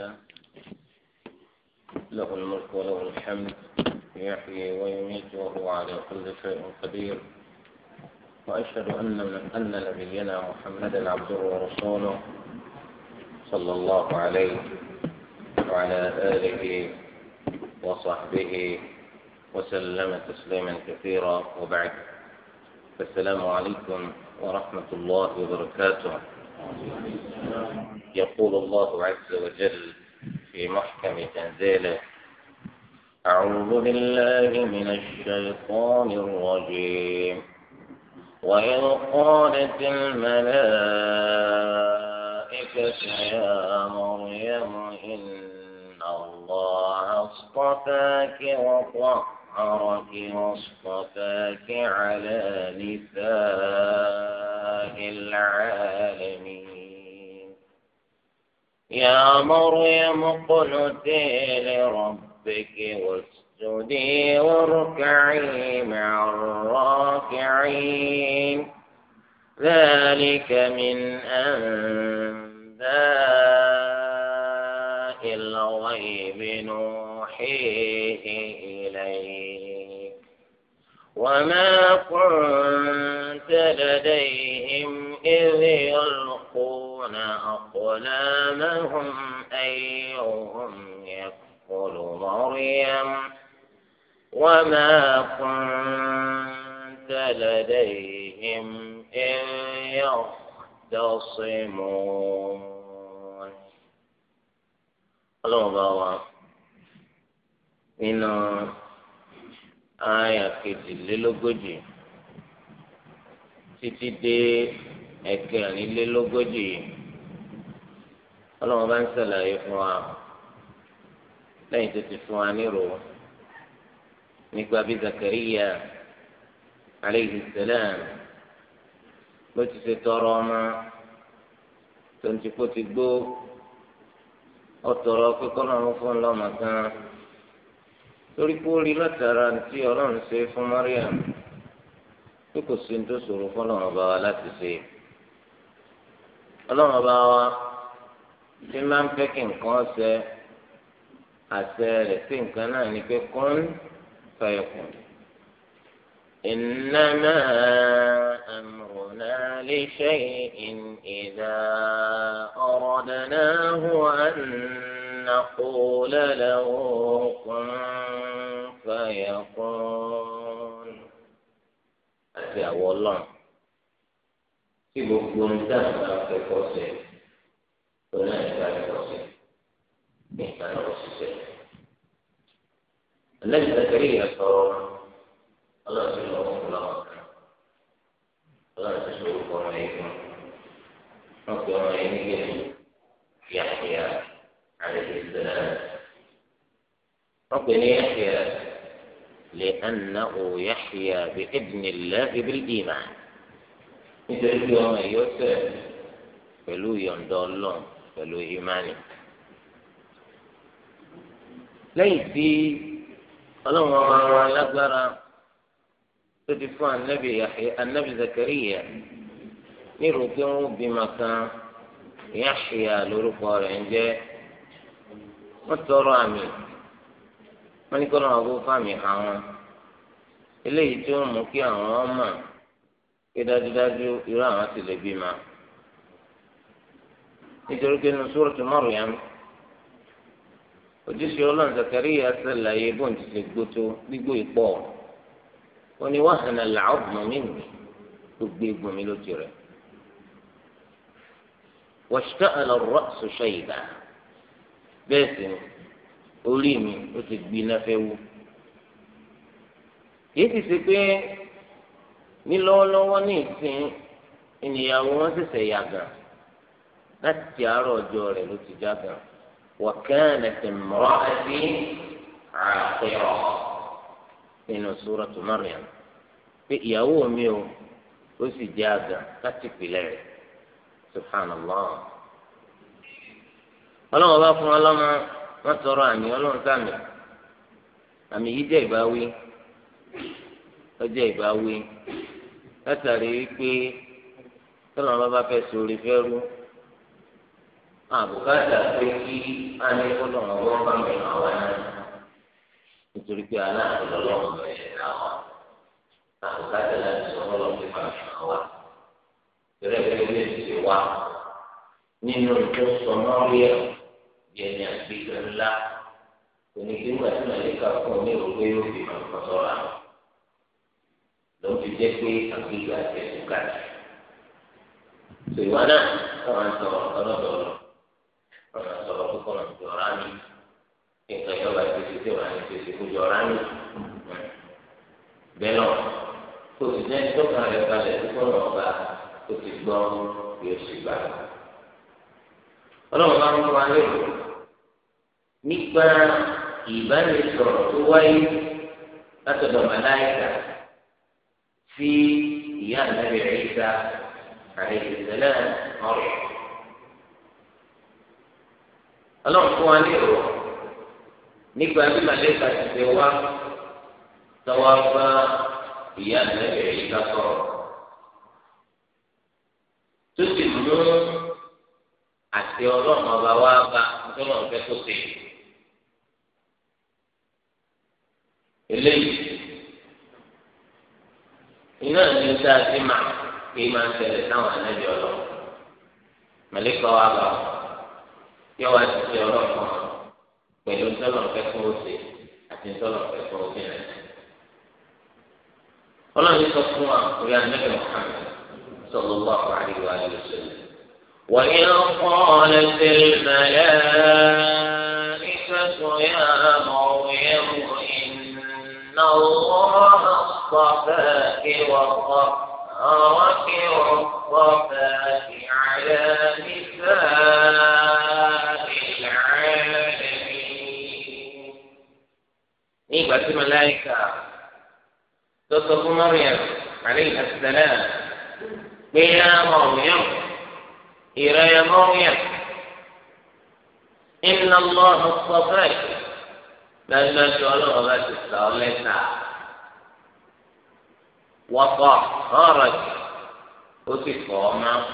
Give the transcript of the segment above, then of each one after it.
تعالى له الملك وله الحمد يحيي ويميت وهو على كل شيء قدير وأشهد أن أن نبينا محمدا عبده ورسوله صلى الله عليه وعلى آله وصحبه وسلم تسليما كثيرا وبعد السلام عليكم ورحمة الله وبركاته يقول الله عز وجل في محكم تنزيله أعوذ بالله من الشيطان الرجيم وإذ قالت الملائكة يا مريم إن الله اصطفاك وطهرك واصطفاك على نسائك العالمين يا مريم اقنتي لربك واسجدي واركعي مع الراكعين ذلك من أنباء الغيب نوحيه إليك وما كنت nteedehem enwehị ọlọkụ na ọkpụlana-ahụ m ehe ọghụ m ya kpụrụ ma ọụrụ ya m nwane akpụteedehem ewe ọdesọ mụ ọlbawa ịnọ ahịa kedilelogoji títí dé ẹ̀kẹrìnlélógójì yìí ọlọ́run bá ń ṣàlàyé fún wa lẹ́yìn tó ti fún wa nírò nípa bí Zakariya aleyhi salam ló ti ṣe tọrọ ọmọ tó ń ti kó ti gbó ọtọrọ kíkọ́ náà fún lọ́mọ kan torí kó rí látara tí ọlọ́run ṣe fún Mariam bí kò sí ní tó ṣòro fún ọlọ́run ọba wa láti ṣe ọlọ́run ọba wa tí máa ń fẹ́ kí nǹkan ṣe àṣẹ rẹ̀ sí nǹkan náà ni pé kún fẹ́ẹ̀kùn إنما أمرنا لشيء إذا أردناه أن نقول له كن فيكون àti àwọ ọlọ́run tí gbogbo ohun tí àwọn bá fẹ́ kọ́ sẹ́ tó náà ní káàdì kọ́ sẹ́ ní ìkànnì òṣìṣẹ́. Ànábì Zakari yẹ sọ̀rọ̀ ọlọ́run ti lọ́wọ́ fún lọ́wọ́ ọlọ́run ti sọ̀rọ̀ fún ọmọ yìí fún wọn pe ọmọ yìí ní gbèsè Yahya àlejò ìṣẹ̀lẹ̀ wọn pe ní Yahya. لأنه يحيا بإذن الله بالإيمان nítorí pé ọmọ yìí ó ṣe pẹ̀lú yọ̀ǹda ọlọ́run pẹ̀lú ìmánì. lẹ́yìn tí ọlọ́run ọba wa lágbára tó ti fún anabi Yahya anabi Zakariya nírò pé wọ́n bímọ kan Yahya lórúkọ rẹ̀ ń jẹ́ wọ́n tọrọ àmì wọn ní kọ́nà àwọn fáàmì àwọn eléyìí tí ó mú kí àwọn ọmọ pé dájúdájú irú àwọn sì lè bímọ nítorí pé nínú Suratu Maryam ojúṣe ọlọ́run Zakariya ṣàlàyé bóun ti ṣe gbótó gbígbó ìpọ̀ ó ní wàhánà làọ́bùmọ́ mi nì gbogbo egbò mi ló ti rẹ̀ wàṣítà àlọ́ rọ́ọ̀sù ṣẹ́yìdá bẹ́ẹ̀ sì ni orí mi ó ti gbiná fẹ́ wú yìí ti ṣe pé ní lọ́wọ́lọ́wọ́ ní ìsìn ìnìyàwó wọn ṣẹ̀ṣẹ̀ yàgàn láti àárọ̀ ọjọ́ rẹ̀ ló ti jágàn wa kanat imra'ati 'aqira nínú suratu Maryam pé ìyàwó mi o ó sì jẹ́ àgàn láti pìlẹ̀ rẹ̀ subhanallah ọlọ́run bá fún ọ lọ́mọ wọn tọrọ àmì Ọlọ́run sàmì àmì yìí jẹ ìbáwí ọjọ ìbáwí látàrí wípé tọ́lọ́ bá bá fẹ́ sórí fẹ́ rú àbùkátà pé kí á ní kọ́lọ́ ọgbọ́n bá mi hàn wá náà nítorí pé aláàbò lọ́lọ́run bẹ̀rẹ̀ náà àbùkátà láti sọ kọ́lọ́ pé bá mi hàn wá tẹ́lẹ̀ pé ó lè ṣe wá nínú tó sọ mọ́rí ẹ̀kọ́ bí ẹni àgbéga ńlá onígbégbà tí màlíkà fún mi ò pé yóò fi máa kọsọ ra ló ń fi jẹ pé àgbéga ẹsùn káàkiri tó ìwà náà káwọn ń sọ̀rọ̀ ọlọdọọlọ wọn máa sọ̀rọ̀ púpọ̀ náà jọ ọ̀rá mi nǹkan ìjọba ìpèsè tí wọn á ní pèsè kó jọ mi bẹ́ẹ̀ náà tó ti jẹ́ ìjọba rẹ̀ balẹ̀ púpọ̀ náà bá tó ti gbọ́ yóò sì gbà ọlọ́run bá ń fún wa lérò nípa ìbánisọ̀rọ̀ tó wáyé látọ̀dọ̀ màláìka sí ìyá ànábì Ìsá àìsèlè ọ̀rọ̀. ọlọ́run fún wa lérò nípa bí màláìka ti ṣe wá tọ́wọ́ bá ìyá ànábì Ìsá sọ̀rọ̀ tó sì mú àti ọlọ́run ọba wa bá ọlọ́run fẹ́ kó ṣe. eléyìí iná ní o sáà sí mà kí máa ń tẹ̀lé sáwọn ànábì ọlọ́run mẹ́lẹ́kọ̀ wa bá yọ wá ti fi ọlọ́run kan pẹ̀lú ọlọ́run fẹ́ kó ṣe àti ọlọ́run fẹ́ kó ṣe rẹ̀. ọlọ́run sọ fún wa orí ànábì Muhammad sallallahu alaihi wa sallam. وإذ قالت الملائكة يا مريم إن الله اصطفاك وطهرك واصطفاك على نساء العالمين. إيه بس الملائكة تصف مريم عليه السلام يا مريم إلى يا مريم إن الله اصطفاك بل ما شاء الله ما وطهرك وتفهمك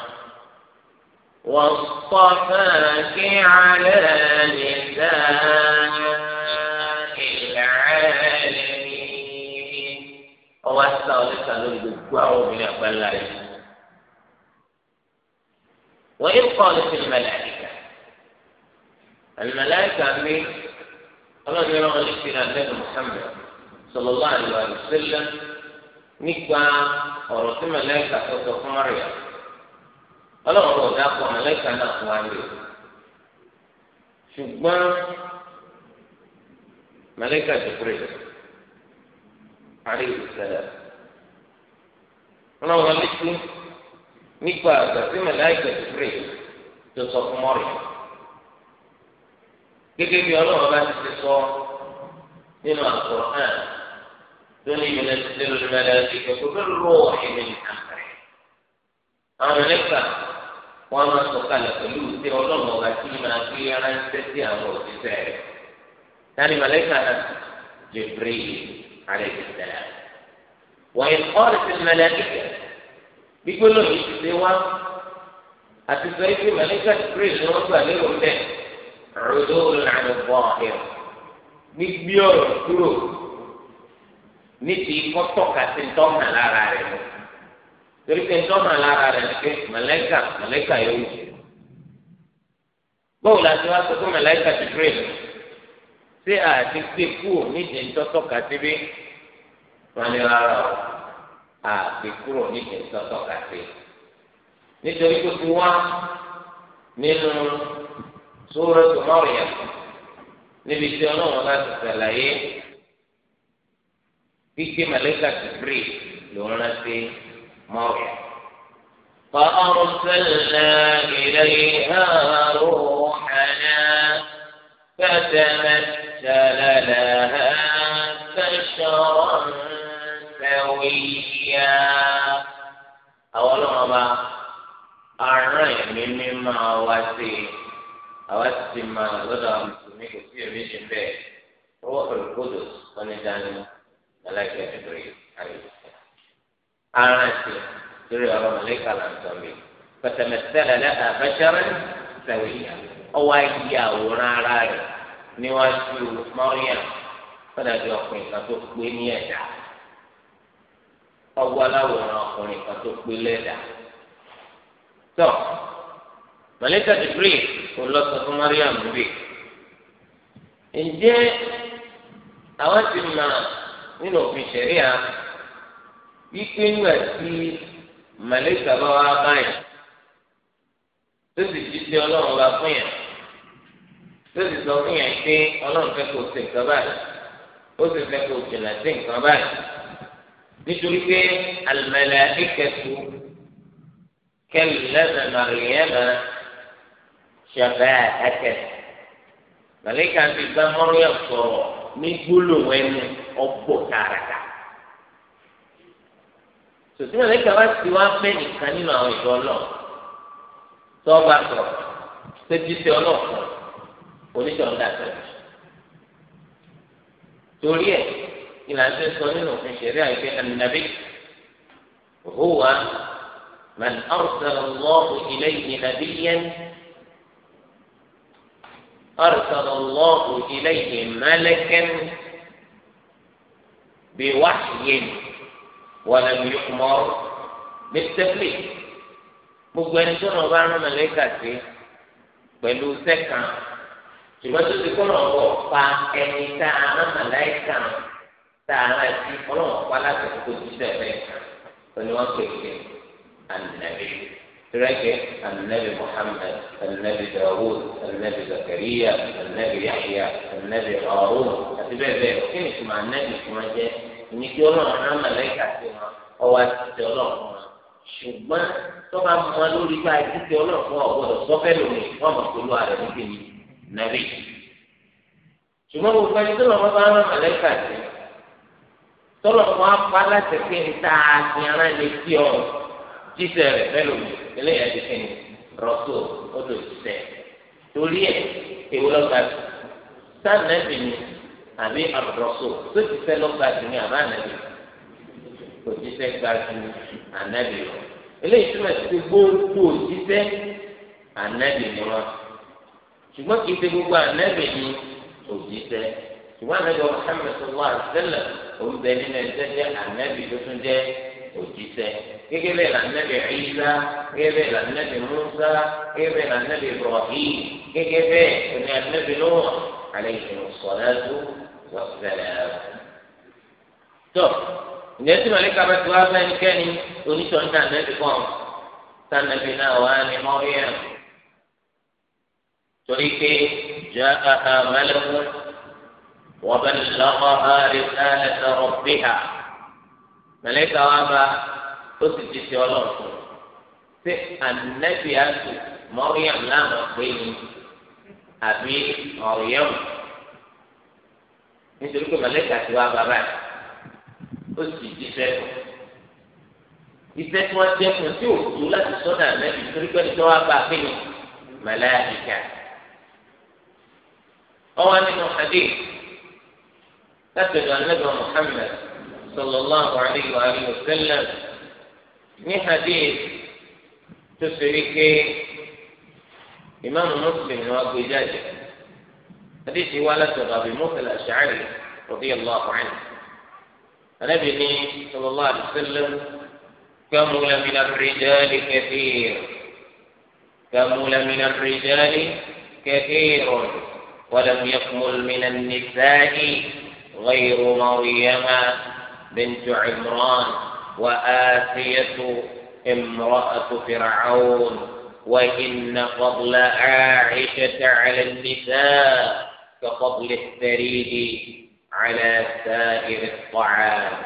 واصطفاك على نساء العالمين هو استغلتنا لو يقول من أقبل وإن قالت الملائكة الملائكة من الله جل وعلا إلى النبي محمد صلى الله عليه وسلم نكا ورث الملائكة حتى قمريا ألا أرى ذاك وملائكة نقوى عليه شبا ملائكة جبريل عليه السلام أنا أغلقكم nígbà àgbà tí mẹláìkà tìfúrè tó sọ fún mọ́rì gẹ́gẹ́ bí ọlọ́run bá ti ti sọ nínú àkùrán tó ní ìbílẹ̀ títí lórí mẹláìkà tó fẹ́ lọ́wọ́ ẹ̀mí nìkan rẹ̀ àwọn mẹlẹ́kà wọn máa sọ kalẹ̀ pẹ̀lú tí ọlọ́run ọba tí máa gbé ara ń tẹ́ sí àwọn òṣìṣẹ́ rẹ̀ tani mẹlẹ́kà Jibril alẹ́ ti sẹ́yà wọ́n yẹ kọ́ ọ́ gbígbóná yìí ti ṣe wá àti sọ ike mẹlẹka tìpírì ni wọn gbà lérò mbẹ rọdó lànà bọ ẹ gbígbí ọ̀rọ̀ kúrò ní ti kọtọ kàti ntọ́nà lára rẹ torí pé ntọ́nà lára rẹ pé mẹlẹka mẹlẹka yóò wù bọ́ọ̀ la ti wá sọ fún mẹlẹka tìpírì ṣé àti gbé kúrò ní ti ntọ́tọ́ kàti bí wọn lè rárá o àgbè kúrò nídìí sọ́tọ̀ kàtí nítorí tó ti wá nínú Suratu Maryam níbi tí ọlọ́run bá ti sàlàyé kíkí màlẹ́kà Jibril ló ń rántí Maryam. فأرسلنا إليها روحنا فتمثل لها بشرا سويا أولهم أرى مما وسي أوسي ما غدا مسلمي كثير من بيت روح القدس ونجاني ملائكة جبريل عليه السلام أرى جبريل أرى ملائكة لأنتم فتمثل لها بشرا سويا أو أي ونعرى نواجه مريم فلا يقين أتقبل يدعي ọwọ́ aláwòrán ọkùnrin kan tó pé lẹ́dà. tọ́ mọ̀lẹ́kà dìbírì kò lọ sọ fún mariam níbí. ǹjẹ́ àwọn ti mọ̀ nínú òfin ṣẹ̀ríà wípé ńgbà tí mọ̀lẹ́kà bá wá báyìí tó sì jí sí ọlọ́run bá fún yẹn tó sì sọ fún yẹn pé ọlọ́run fẹ́ kó o ṣe nǹkan báyìí ó sì fẹ́ kó o jìnnà sí nǹkan báyìí nítorí pé àlùmọ̀lẹ́ ìkẹtù kẹlẹ́dẹ̀ màrìyẹ́mà ṣẹ̀fẹ́ ẹ̀kẹ́ màlíkà ti gbá mọ́rìyà sọ̀rọ̀ ní gbólóhùn ẹnu ọgbọ̀ tààràtà sòtí màlíkà wá sí wá pẹ́ nìkan nínú àwọn ìjọ náà tọ́ba sọ̀rọ̀ sẹ́jísẹ́ ọlọ́ọ̀kan oníṣẹ́ ọ̀dà sẹ́jì torí ẹ̀ ìlànà tó sọ nínú òfin ṣẹlẹ̀ àìpé ànàbí òhùwà man arsala allahu ilayhi nabiyyan arsala allahu ilayhi malakan biwahyin walam yu'mar bit-tabliq gbogbo ẹni tó náà bá rán màlẹ́kà sí pẹ̀lú sẹ́kàn ṣùgbọ́n tó ti kọ́ náà wọ̀ pa ẹni tá a rán màlẹ́kà sí tààrà ẹbí ọlọ́run pa láti ẹ̀kọ́ jíṣẹ́ rẹ̀ òní wọ́n pè pé ànàbì tìrẹ́kẹ̀ ànàbì Muhammad ànàbì Dawud ànàbì Zakariya ànàbì Yahya ànàbì ọ̀rùn àti bẹ́ẹ̀ bẹ́ẹ̀ kí ni tìmọ̀ ànàbì tí wọ́n jẹ́ ní kí ọlọ́run rán màlẹ́kà sí wọn ọwọ́ àti ti ọlọ́run fún wọn ṣùgbọ́n tó bá mọ lórí bá ẹbí ti ọlọ́run fún ọ̀gbọ́dọ̀ sọ́fẹ́ lómi wọ́n mọ̀ pẹ̀lú ààrẹ níbi nàbì ṣùgbọ́n gbogbo ẹni tó lọ́ tọ́lọ̀ wọn apá láti pé níta àgbìnrin lè fi ọ̀ jíṣẹ́ rẹ̀ fẹ́lò eléyà ti fi ní rọ́tò odò ìṣẹ́ torí ẹ̀ èwo lọ́gbà tó sànẹ́bì ni àbí àbùrọ̀sọ tó ti fẹ́ lọ́gbà tó ní àbá ànẹ́bì kò jíṣẹ́ gba ju ànẹ́bì lọ eléyìí túmọ̀ sí pé gbogbo jíṣẹ́ ànẹ́bì ni wọn ṣùgbọ́n kì í ṣe gbogbo ànẹ́bì ni òjíṣẹ́ ṣùgbọ́n ànẹ́bì Muhammad òun bẹ nínú ẹsẹ̀ jẹ́ ànábì tó tún jẹ́ òjíṣẹ́ gẹ́gẹ́ bẹ́ẹ̀ lànàbì Ìsá gẹ́gẹ́ bẹ́ẹ̀ lànàbì Mùsá gẹ́gẹ́ bẹ́ẹ̀ lànàbì Ibrahim gẹ́gẹ́ bẹ́ẹ̀ òní ànàbì Nuh alayhi salatu wa salam. tó ǹjẹ́ tí màlíkà bá ti wá fẹ́ nìkẹ́ni onítọ̀ ní ànàbì kan sànàbì náà wà ní mọ́ríyàn torí pé jẹ́ àhàmálẹ́kùn. وبلغها رسالة ربها ملك وما تسجد الله النبي مريم لا مقيم أبي مريم nítorí pé mọlẹ́kà ti wá bàbá yìí ó sì jíṣẹ́ fún iṣẹ́ tí wọ́n jẹ́ fún tí ò tó láti sọ́dà lẹ́bi torí pé nítorí wọ́n bá pínu mọlẹ́kà. ọwọ́ nínú hadith látọ̀dọ̀ anábì muhammed sallallahu alayhi wa alayhi wa sallam ní hadith tó ṣe wípé ìmáàmù muslim ni wọ́n gbé jáde hadith yìí wá látọ̀dọ̀ àbí mọ́tàlá ṣáàrì radiyallahu anhu anábì ní sallallahu alayhi wa sallam كمل من الرجال كثير كمل من الرجال كثير ولم يكمل من النساء غير مريم بنت عمران وآسية امرأة فرعون وإن فضل عائشة على النساء كفضل الثريد على سائر الطعام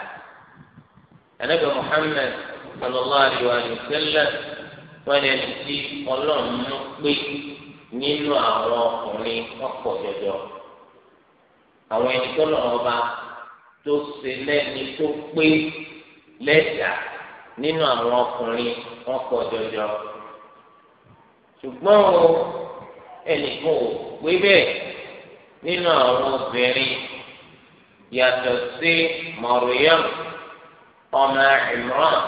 النبي محمد صلى الله عليه وسلم wọ́n نسيت ti ọlọ́run mú pé nínú àwọn àwọn ẹni tó lọ́wọ́ ọba tó ṣe lẹ́ni tó pé lẹ́dà nínú àwọn ọkùnrin wọn pọ̀ jọjọ ṣùgbọ́n o ẹnìkan ò pé bẹ́ẹ̀ nínú àwọn obìnrin yàtọ̀ sí Maryam ọmọ Imran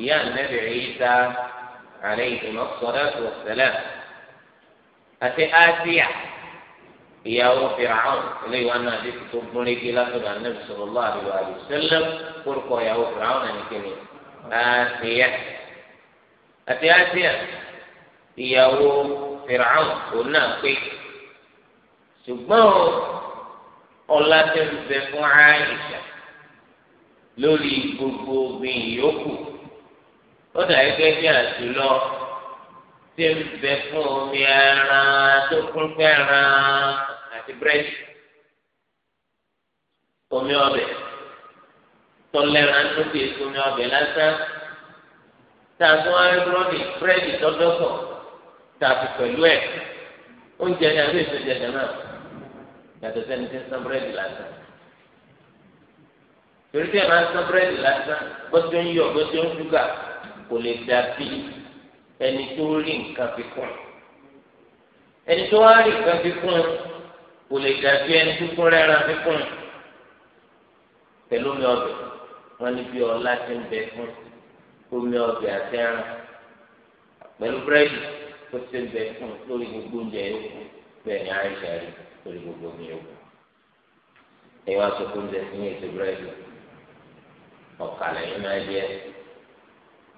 ìyá Nabi Isa alayhi salatu wa salam àti Asiya ìyàwó fìràwọn eléyìí wọn náà dídì tó gún régé látọ̀dọ̀ anábì sallallahu alaihi wa sallam kórìkọ ìyàwó fìràwọn náà nìkẹlẹ àtìyà àti àtìyà ìyàwó fìràwọn òun náà pé ṣùgbọ́n ọlá tẹ ń bẹ fún àyíṣà lórí gbogbo obìnrin yòókù ó dà gẹ́gẹ́ bí àtúlọ ń bẹ fún omi ẹran tó kún fẹ́ràn àti búrẹ́dì omi ọbẹ̀ tọ́lẹ́ra ń tóbi èso omi ọbẹ̀ lásán tààtú ayélujára búrẹ́dì tọ́dọ́sọ̀ tààtú pẹ̀lú ẹ̀ oúnjẹ ni àbí èso jẹjẹ náà yàtọ̀ sẹ́ni tí ń san búrẹ́dì lásán torí tí ẹ̀ máa ń san búrẹ́dì lásán bọ́sẹ̀ ń yọ bọ́sẹ̀ ń ṣúgà kò lè dàbí ẹni tó rí nǹkan fi kún ẹni tó wá rí nǹkan fi kún kò lè dàbí ẹni kíkún rẹ́ran kíkún pẹ̀lú omi ọbẹ̀ wọn ní bí ọlá ti ń bẹ fún omi ọbẹ̀ àti ẹran pẹ̀lú búrẹ́dì tó ti ń bẹ fún lórí gbogbo oúnjẹ yòókù bẹ́ẹ̀ ni àìsàn rí lórí gbogbo omi yòókù ẹ̀yin wá sọ pé oúnjẹ ti ní ètò búrẹ́dì ọ̀kà lẹ́yìn máa jẹ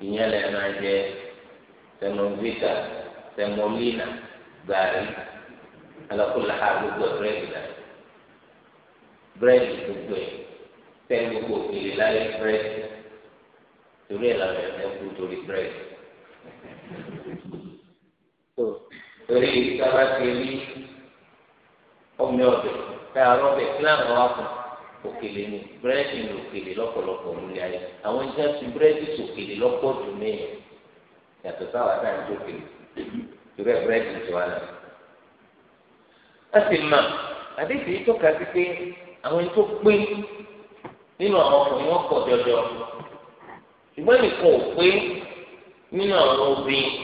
ìyẹn lẹ́yìn máa jẹ tẹmọvita tẹmọlina gàrí alakula ha gbogbo bírèdì náà bírèdì gbogbo ẹ tẹ gbogbo òkèlè lálẹ́ bírèdì torí ẹ làwọn ẹ kú torí bírèdì torí ìjọba ti rí ọmọ ọbẹ tá a rọbẹ kíláàmù wa kù òkèlè ni bírèdì ni òkèlè lọ́pọ̀lọpọ̀ nílé ayé àwọn ìjà ti bírèdì sòkèlè lọ́pọ̀ jù mí yàtọ̀ sáwà tá à ń jókèlè torí ẹ bírèdì ti wà náà láti mà àdéhùn yìí tọ́ka sí pé àwọn ẹni tó pé nínú àwọn ọkùnrin wọn pọ̀ jọjọ ṣùgbọ́n nìkan ò pé nínú àwọn obìnrin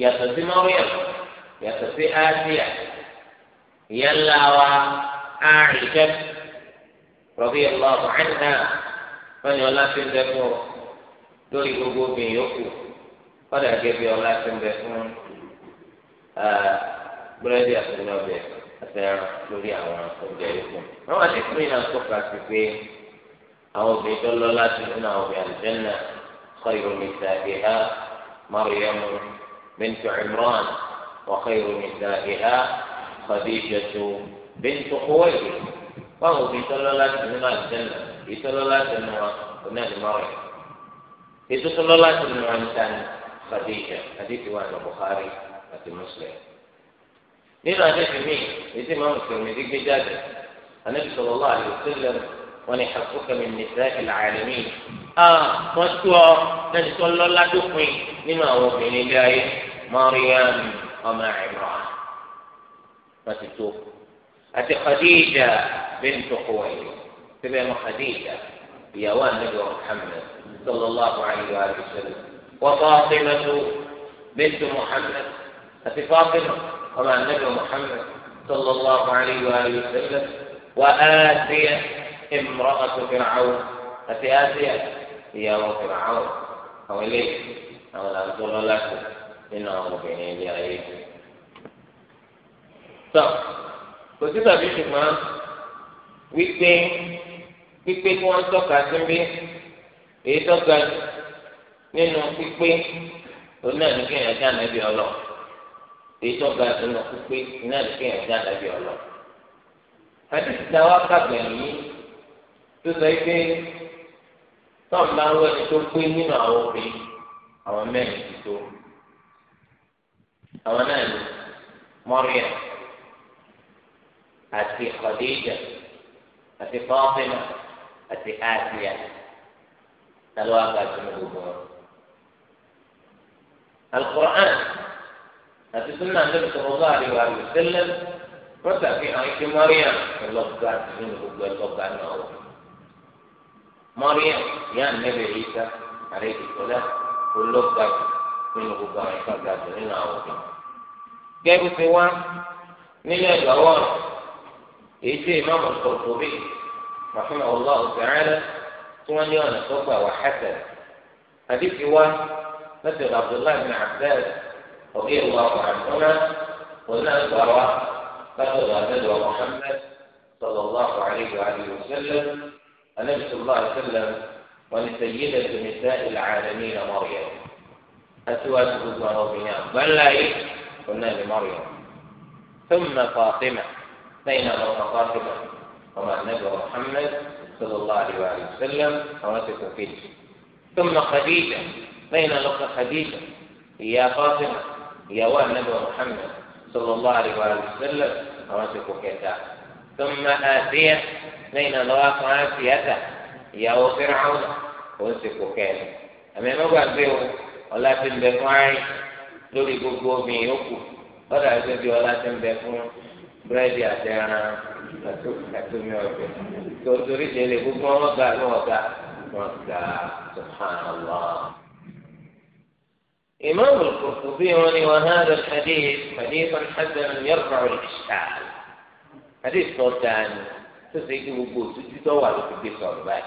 yàtọ̀ sí mariam yàtọ̀ sí asia ìyá ńlá wa àìṣẹ́ radiyallahu anha wọ́n ní ọlá ti ń bẹ fún ọ lórí gbogbo obìnrin yòókù wọ́n dàgẹ́ bí ọlá ti ń bẹ fún búrẹ́dì àti ọbẹ̀. ẹran lórí àwọn oúnjẹ yòókù àwọn àdékùnrin náà tọ́ka sí pé àwọn obìnrin tó lọ́lá sí nínú àwọn obìnrin àlùjẹ́nà خير نسائها مريم بنت عمران وخير نسائها خديجة بنت خويلد فهو بيتلولا من الجنة بيتلولا من ونال مريم بيتلولا من خديجة حديث وانا البخاري في مسلم nínú àdébí mi èsì máa ń sọ̀rọ̀ mi gbé jáde ànábi sọ̀rọ̀ lọ́wọ́ àlùsílẹ̀ wọn ni àkókò mi nìṣẹ́ ìlànàmí à wọ́n tú ọ lẹ́ni tó ń lọ ládùpin nínú àwọn obìnrin ilé ayé Maryam ọmọ Imran wọ́n ti tó àti Khadija bint Khuwaylid síbẹ̀ mọ́ Khadija ìyàwó ànábi wa Muhammad صلى الله عليه وآله وسلم وفاطمة بنت محمد أتي فاطمة ومع النبي محمد صلى الله عليه وآله وسلم وآسية امرأة فرعون أتي آسية هي فرعون أو إليه أو لا تقول لك إنه مبين لي عليه tọ kò sí tàbí ṣùgbọ́n wípé pípé tí wọ́n tọ́ka sí bí èyí tọ́ka nínú pípé òun náà ní kéèyàn já nàbí èyí tó ga jù lọ pípé iná lè kéèyàn já dàbí ọlọ. àdìsí ta wá kàgbẹ̀yìn yìí tó sọ pé tọ́m bá ń wẹ́ni tó pé nínú àwọn obìnrin àwọn mẹ́rin ti tó. àwọn náà ní mọ́ríà àti Khadija àti Fatima àti Asiya ta ló wá ga jù gbogbo wọn. Al-Qur'an. àti sunna àti sọlọ́gbà àríwá àríwá sẹ́lẹ̀ rọ́tà fi hàn ike mariam ọlọ́gbà nínú gbogbo ẹlọ́gbà náà wọ̀. mariam ìyá nẹ́bẹ̀ yìí ká àrẹ ìdìbòlá ọlọ́gbà nínú gbogbo àwọn ẹ̀ka gàdù nínú àwọn òbí. gẹ́gẹ́ bí wá nínú ẹ̀gbà wọ̀ èyí tí ìmáàmù sọ̀tò bí màfúnà ọlọ́ ọ̀sẹ̀rẹ́lẹ̀ tí wọ́n ní ọ̀nà tó gbà wà hẹ́sẹ̀ àdìsí wá lọ́sẹ̀ رضي الله عنهما هنا أرى فقد غادر محمد صلى الله عليه وآله وسلم النبي صلى الله عليه وسلم ولسيدة نساء العالمين مريم أسواد أزمار بنا بل لا قلنا لمريم ثم فاطمة بينما فاطمة ومع النبي محمد صلى الله عليه وآله وسلم وما فيه ثم خديجة بين لقى خديجة يا فاطمة ìyàwó ànábì Muhammad sallallahu alaihi wa sallam àwọn ti kó kẹta ثم آسية لين الله آسية ìyàwó fẹ́ràn òun sì kó kẹrin àmì ẹ̀ mọ́gbà gbé o ọlá ti ń bẹ fún ayé lórí gbogbo obìnrin yòókù lọ́dà ẹgbẹ́ bíi ọlá ti ń bẹ fún búrẹ́dì àti ẹran ọ̀gbẹ́ tó torí ìdílé gbogbo ọmọ ló wọ̀ gbà wọ́n gbà subhanallah. إمام القرطبي وهذا الحديث حديث حسن يرفع الإشكال حديث صوتان تسعيد وقود تجي توالي في بيت صوتان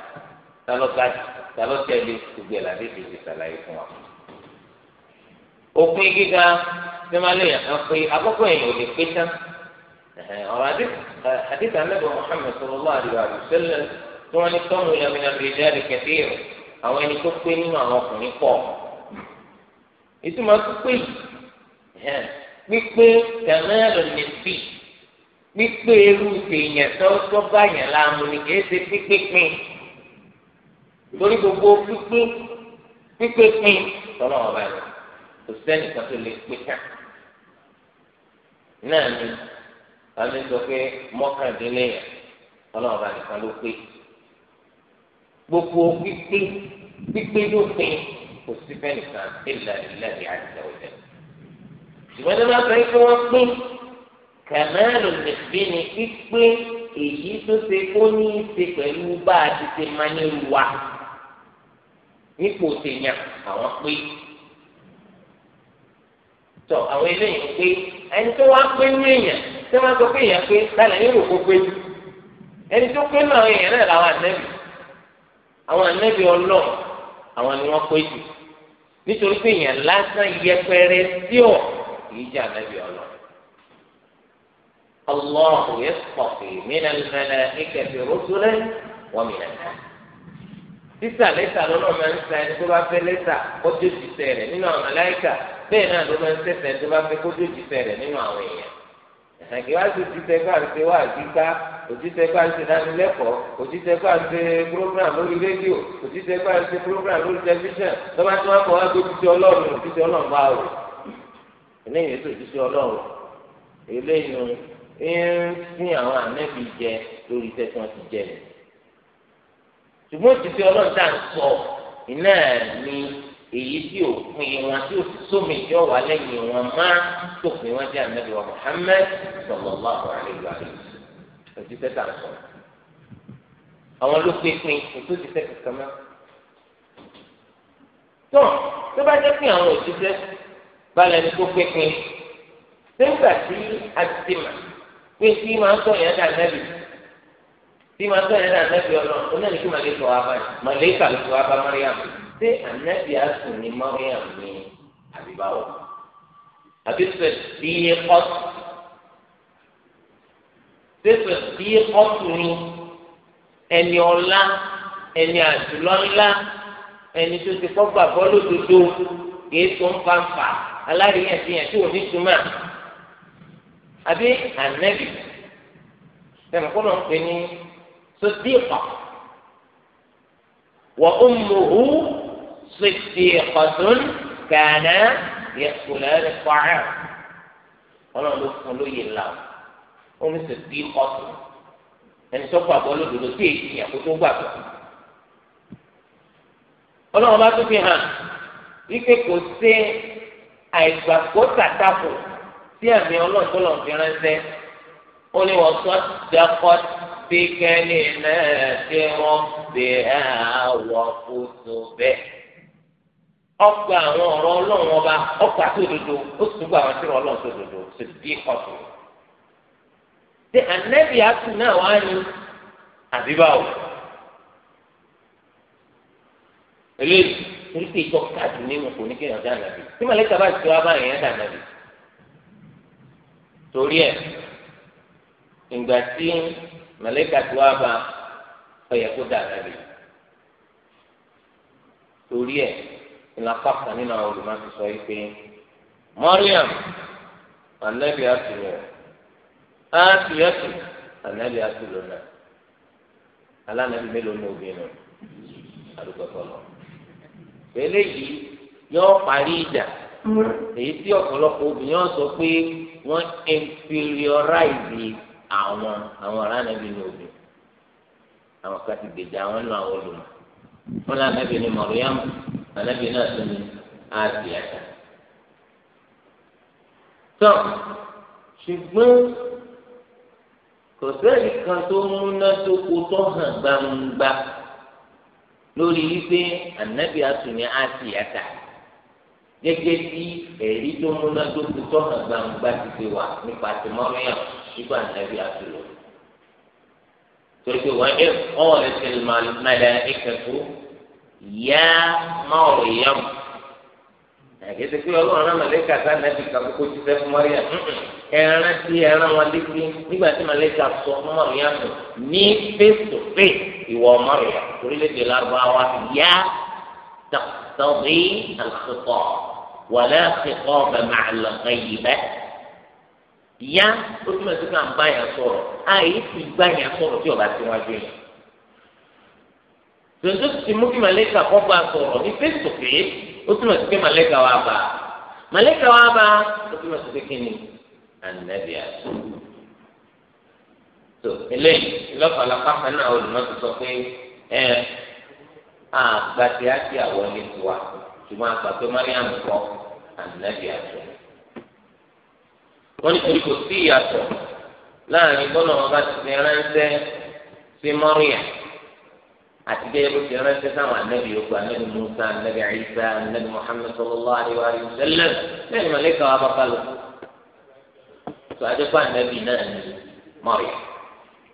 ثلاثة ثلاثة يجب تبيع الحديث في بيت صلاة يكون أقول لك كما لي أخي أبو كوين ودي كتن حديث النبي محمد صلى الله عليه وسلم ثم نكتمل من الرجال كثير أو أن تكون ما هو نكتمل ìtumọ̀ pípé pípé tẹ̀mẹ́rù nìbí pípé irú tèèyàn tó bá yàn láàmú ni kìí ṣe pípé pin torí gbogbo pípé pípé pin tọ́lọ́ ọ̀bá rẹ̀ kò sẹ́ni kan tó lè pé ká náà ni àmì sọ pé mọ́kàndínlẹ́yìn tọ́lọ́ ọ̀bá nìkan ló pé gbogbo pípé pípé ló pin kò sí fẹ́ẹ̀ nìkan ìlà ìlà ìyá àti ọ̀jẹ̀. ṣùgbọ́n tó bá fẹ́ kí wọ́n pín kàmáàlù nìbí ni pípín èyí tó ṣe kó ní í ṣe pẹ̀lú bá a ti ṣe máa ní wa nípò tèèyàn àwọn pé tọ àwọn eléyìí pé ẹni tó wá pé ní èèyàn tó wá sọ pé èèyàn pé lálẹ́ ní òkú pé ẹni tó pé náà èèyàn náà làwọn ànẹ́bì àwọn ànẹ́bì ọlọ́run àwọn ni wọ́n pé jù nítorí pé èèyàn lásán yẹpẹrẹ sí ọ kìí jẹ ànábì ọlọ Allahu yasqi minal malaikati rusulan wa minan nas sísà lẹ́tà lọ́nà máa ń sa ẹni tó bá fẹ́ lẹ́tà kọjú òjìṣẹ́ rẹ̀ nínú àwọn màláíkà bẹ́ẹ̀ náà ló máa ń sẹ̀sẹ̀ tó bá fẹ́ kọjú òjìṣẹ́ rẹ̀ nínú àwọn èèyàn ẹ̀sìn kí wá sí ti tẹ́ fún àti wá àti ká òjíṣẹ́ bá ń ṣe dánilẹ́kọ̀ọ́ òjíṣẹ́ bá ń ṣe program lórí rédíò òjíṣẹ́ bá ń ṣe program lórí tẹlifíṣàn lọ́ba tí wọ́n kọ́ wá pé òjíṣẹ́ ọlọ́run òjíṣẹ́ ọlọ́run bá rò eléyìí ètò òjíṣẹ́ ọlọ́run eléyìí ń sin àwọn ànẹ́bí jẹ lórí iṣẹ́ tí wọ́n ti jẹ ni ṣùgbọ́n òjíṣẹ́ ọlọ́run dà ń sọ iná ni èyí tí ò wọn tí ò sómi ìjọ wà lẹ́yìn wọn má tó wọn jẹ́ ànẹ́bí wa Muhammad sallallahu alaihi wa òjíṣẹ́ tà ń sọ àwọn ló pé pin ètò òjíṣẹ́ kankan mọ́ tó tó bá jẹ́ pé àwọn òjíṣẹ́ balẹ̀ ní tó pé pin nígbà tí a ti mà pé tí máa ń sọ yẹn dà nẹ́bì tí máa ń sọ yẹn dà nẹ́bì ọlọ́run ó náà ní kí màlẹ́ sọ wá báyìí màlẹ́ kà ló sọ wá bá Mariam ṣé ànẹ́bì á sùn ní Mariam ní àbíbáwọ̀ àbí sọ ẹ̀ sí ẹ́ ọ́sùn sẹ́fẹ̀ kí ọkùnrin ẹni ọlá ẹni àjùlọ ńlá ẹni tó ti kọ́gbà bọ́ọ̀lù dodo kìí tó ń fanfà aláríyànjiyàn tí ò ní túmọ̀ àbí ànẹ́bì sẹ́mi kó ló ń pè ní sọ́díìkà wà ó mú hu sọ́díìkà rẹ̀ pààrọ̀ ọlọ́run ló fún lóye làwọn omi sì bí ọtún ẹni tó gbàgbọ́ lódodo tí èyí yẹn kó tó gbàgbọ́. ọlọ́run bá tún fi hàn wípé kò sí àìgbàgbọ́ tàtàkù sí àmì ọlọ́run tó lọ́n fi ránṣẹ́ ó ní wọ́n sọ dákọ́ bí kẹ́lí náà tí wọ́n fi àwọ̀ kó bẹ́ẹ̀. ọgbà àwọn ọ̀rọ̀ ọlọ́run ọba ọgbà tó dodo ó sì gbà wọn sí ọlọ́run tó dodo sì bí ọ̀tún ṣé ànẹ́bí àtù náà wá ní àbíbá o eléyìí torí pé ìjọ káàdì nínú kò ní kéèyàn dá ànàbì tí màlẹ́kà bá ti wá bá èèyàn dá ànàbì torí ẹ̀ ìgbà tí màlẹ́kà ti wá bá ọ̀yẹ̀ kó dá ànàbì torí ẹ̀ ìlànà kan nínú àwọn olùmọ̀ yìí pé Mariam ànàbì àtù áàtù yẹtù ànábì àtù lónà alánàbì mélòó ní obìnrin alùpùpù lọ eléyìí yóò parí ìjà èyí tí ọ̀pọ̀lọpọ̀ obìnrin yóò sọ pé wọ́n inferiorize àwọn àwọn alánàbì ní obìnrin àwọn kan ti gbèjà àwọn nínú àwọn olùmọ̀ wọn lé ànábì ní mọ̀rìyàmù ànábì náà tún ní àti àṣà. tán ṣùgbọ́n kò sẹ́yìn kan tó múnádóko tó hàn gbangba lórí wípé ànábì àtúnyẹ àti ẹ̀ka gẹ́gẹ́ bí ẹ̀rí tó múnádóko tó hàn gbangba ti fi wà nípa tìmọ́ríyàn nípa ànábì àtúnyẹ torípé wọ́n ẹ̀ ọ́ ẹ̀sìn màlẹ́kẹ̀kọ́ yá mọ́ọ̀rẹ́yàmù àgbẹ̀sẹ̀ pé ọlọ́run náà mọ̀lẹ́kà tá nàbì kakókó ti fẹ́ fún mọ́ríyà ẹran tí ẹran wọn lékiri nígbà tí mọ̀lẹ́kà sọ fún mọ́ríyà mọ̀ ní fèsò fè ìwọ mọ́ríyà orílẹ̀-èdè lárúbáwá yá tọ̀tọ̀bí àkùkọ̀ wàlẹ́ àkùkọ̀ bẹ̀mẹ̀ àlọ́kọ̀ yìí bẹ́. yá ó túmọ̀ sí ká ń bá yẹn sọ̀rọ̀ àyè ti gbá yẹn sọ̀rọ̀ tí ọba ti wá dé yẹn. tòǹtò ti mú kí mọ̀lẹ́kà kọ́ ó túmọ̀ sí pé màlẹ́kà wa bá màlẹ́kà wa bá ó túmọ̀ sí pé kí ni ànábì àti tó eléyìí ìlọ́kànlá pápá náà olùmọ̀tò sọ pé ẹ àgbàtì àti àwọn ilé tiwa ṣùgbọ́n àgbà pé mariam kọ ànábì àti wọ́n ní torí kò sí ìyàtọ̀ láàrin bọ́lá wọn bá ti fi ránṣẹ́ sí mọ́ríyàn. àti bẹ́ẹ̀ bó ti ránṣẹ́ sáwọn anábì yòókù anábì musa anábì ayisa anábì muhammed sallallahu alayhi wa sallam bẹ́ẹ̀ lẹ́yìn mọ̀lẹ́kà wa bàbá lọ. tó adékọ́ anábì náà ni mọ̀rì.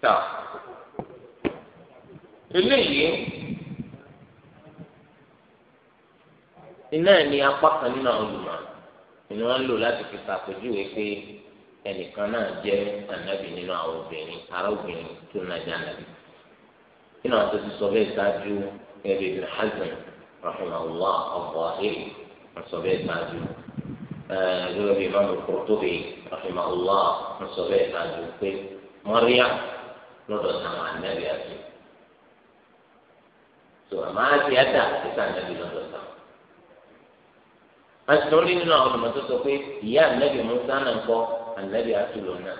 tó eléyìí iná ni apá kan nínú àwọn olùmọ̀ ni wọ́n ń lò láti fi ṣàpèjúwe pé ẹnìkan náà jẹ́ anábì nínú àwọn obìnrin ará obìnrin tó nàjà anábì. kí náà tó ti sọ bẹ́ẹ̀ ṣáájú ẹ̀rọ ibn Hazm rahimahullah al-Zahiri sọ bẹ́ẹ̀ ṣáájú ẹ̀ẹ́dọ́gbọ̀n bíi Imam al-Qurtubi rahimahullah sọ bẹ́ẹ̀ ṣáájú pé Maryam lọ́dọ̀ táwọn anábì àti tó àmọ́ àti àdá títà anábì lọ́dọ̀ táwọn. àti tó rí nínú àwọn olùmọ̀tò sọ pé ìyá anábì Musa náà ń kọ́ anábì àtúlò náà.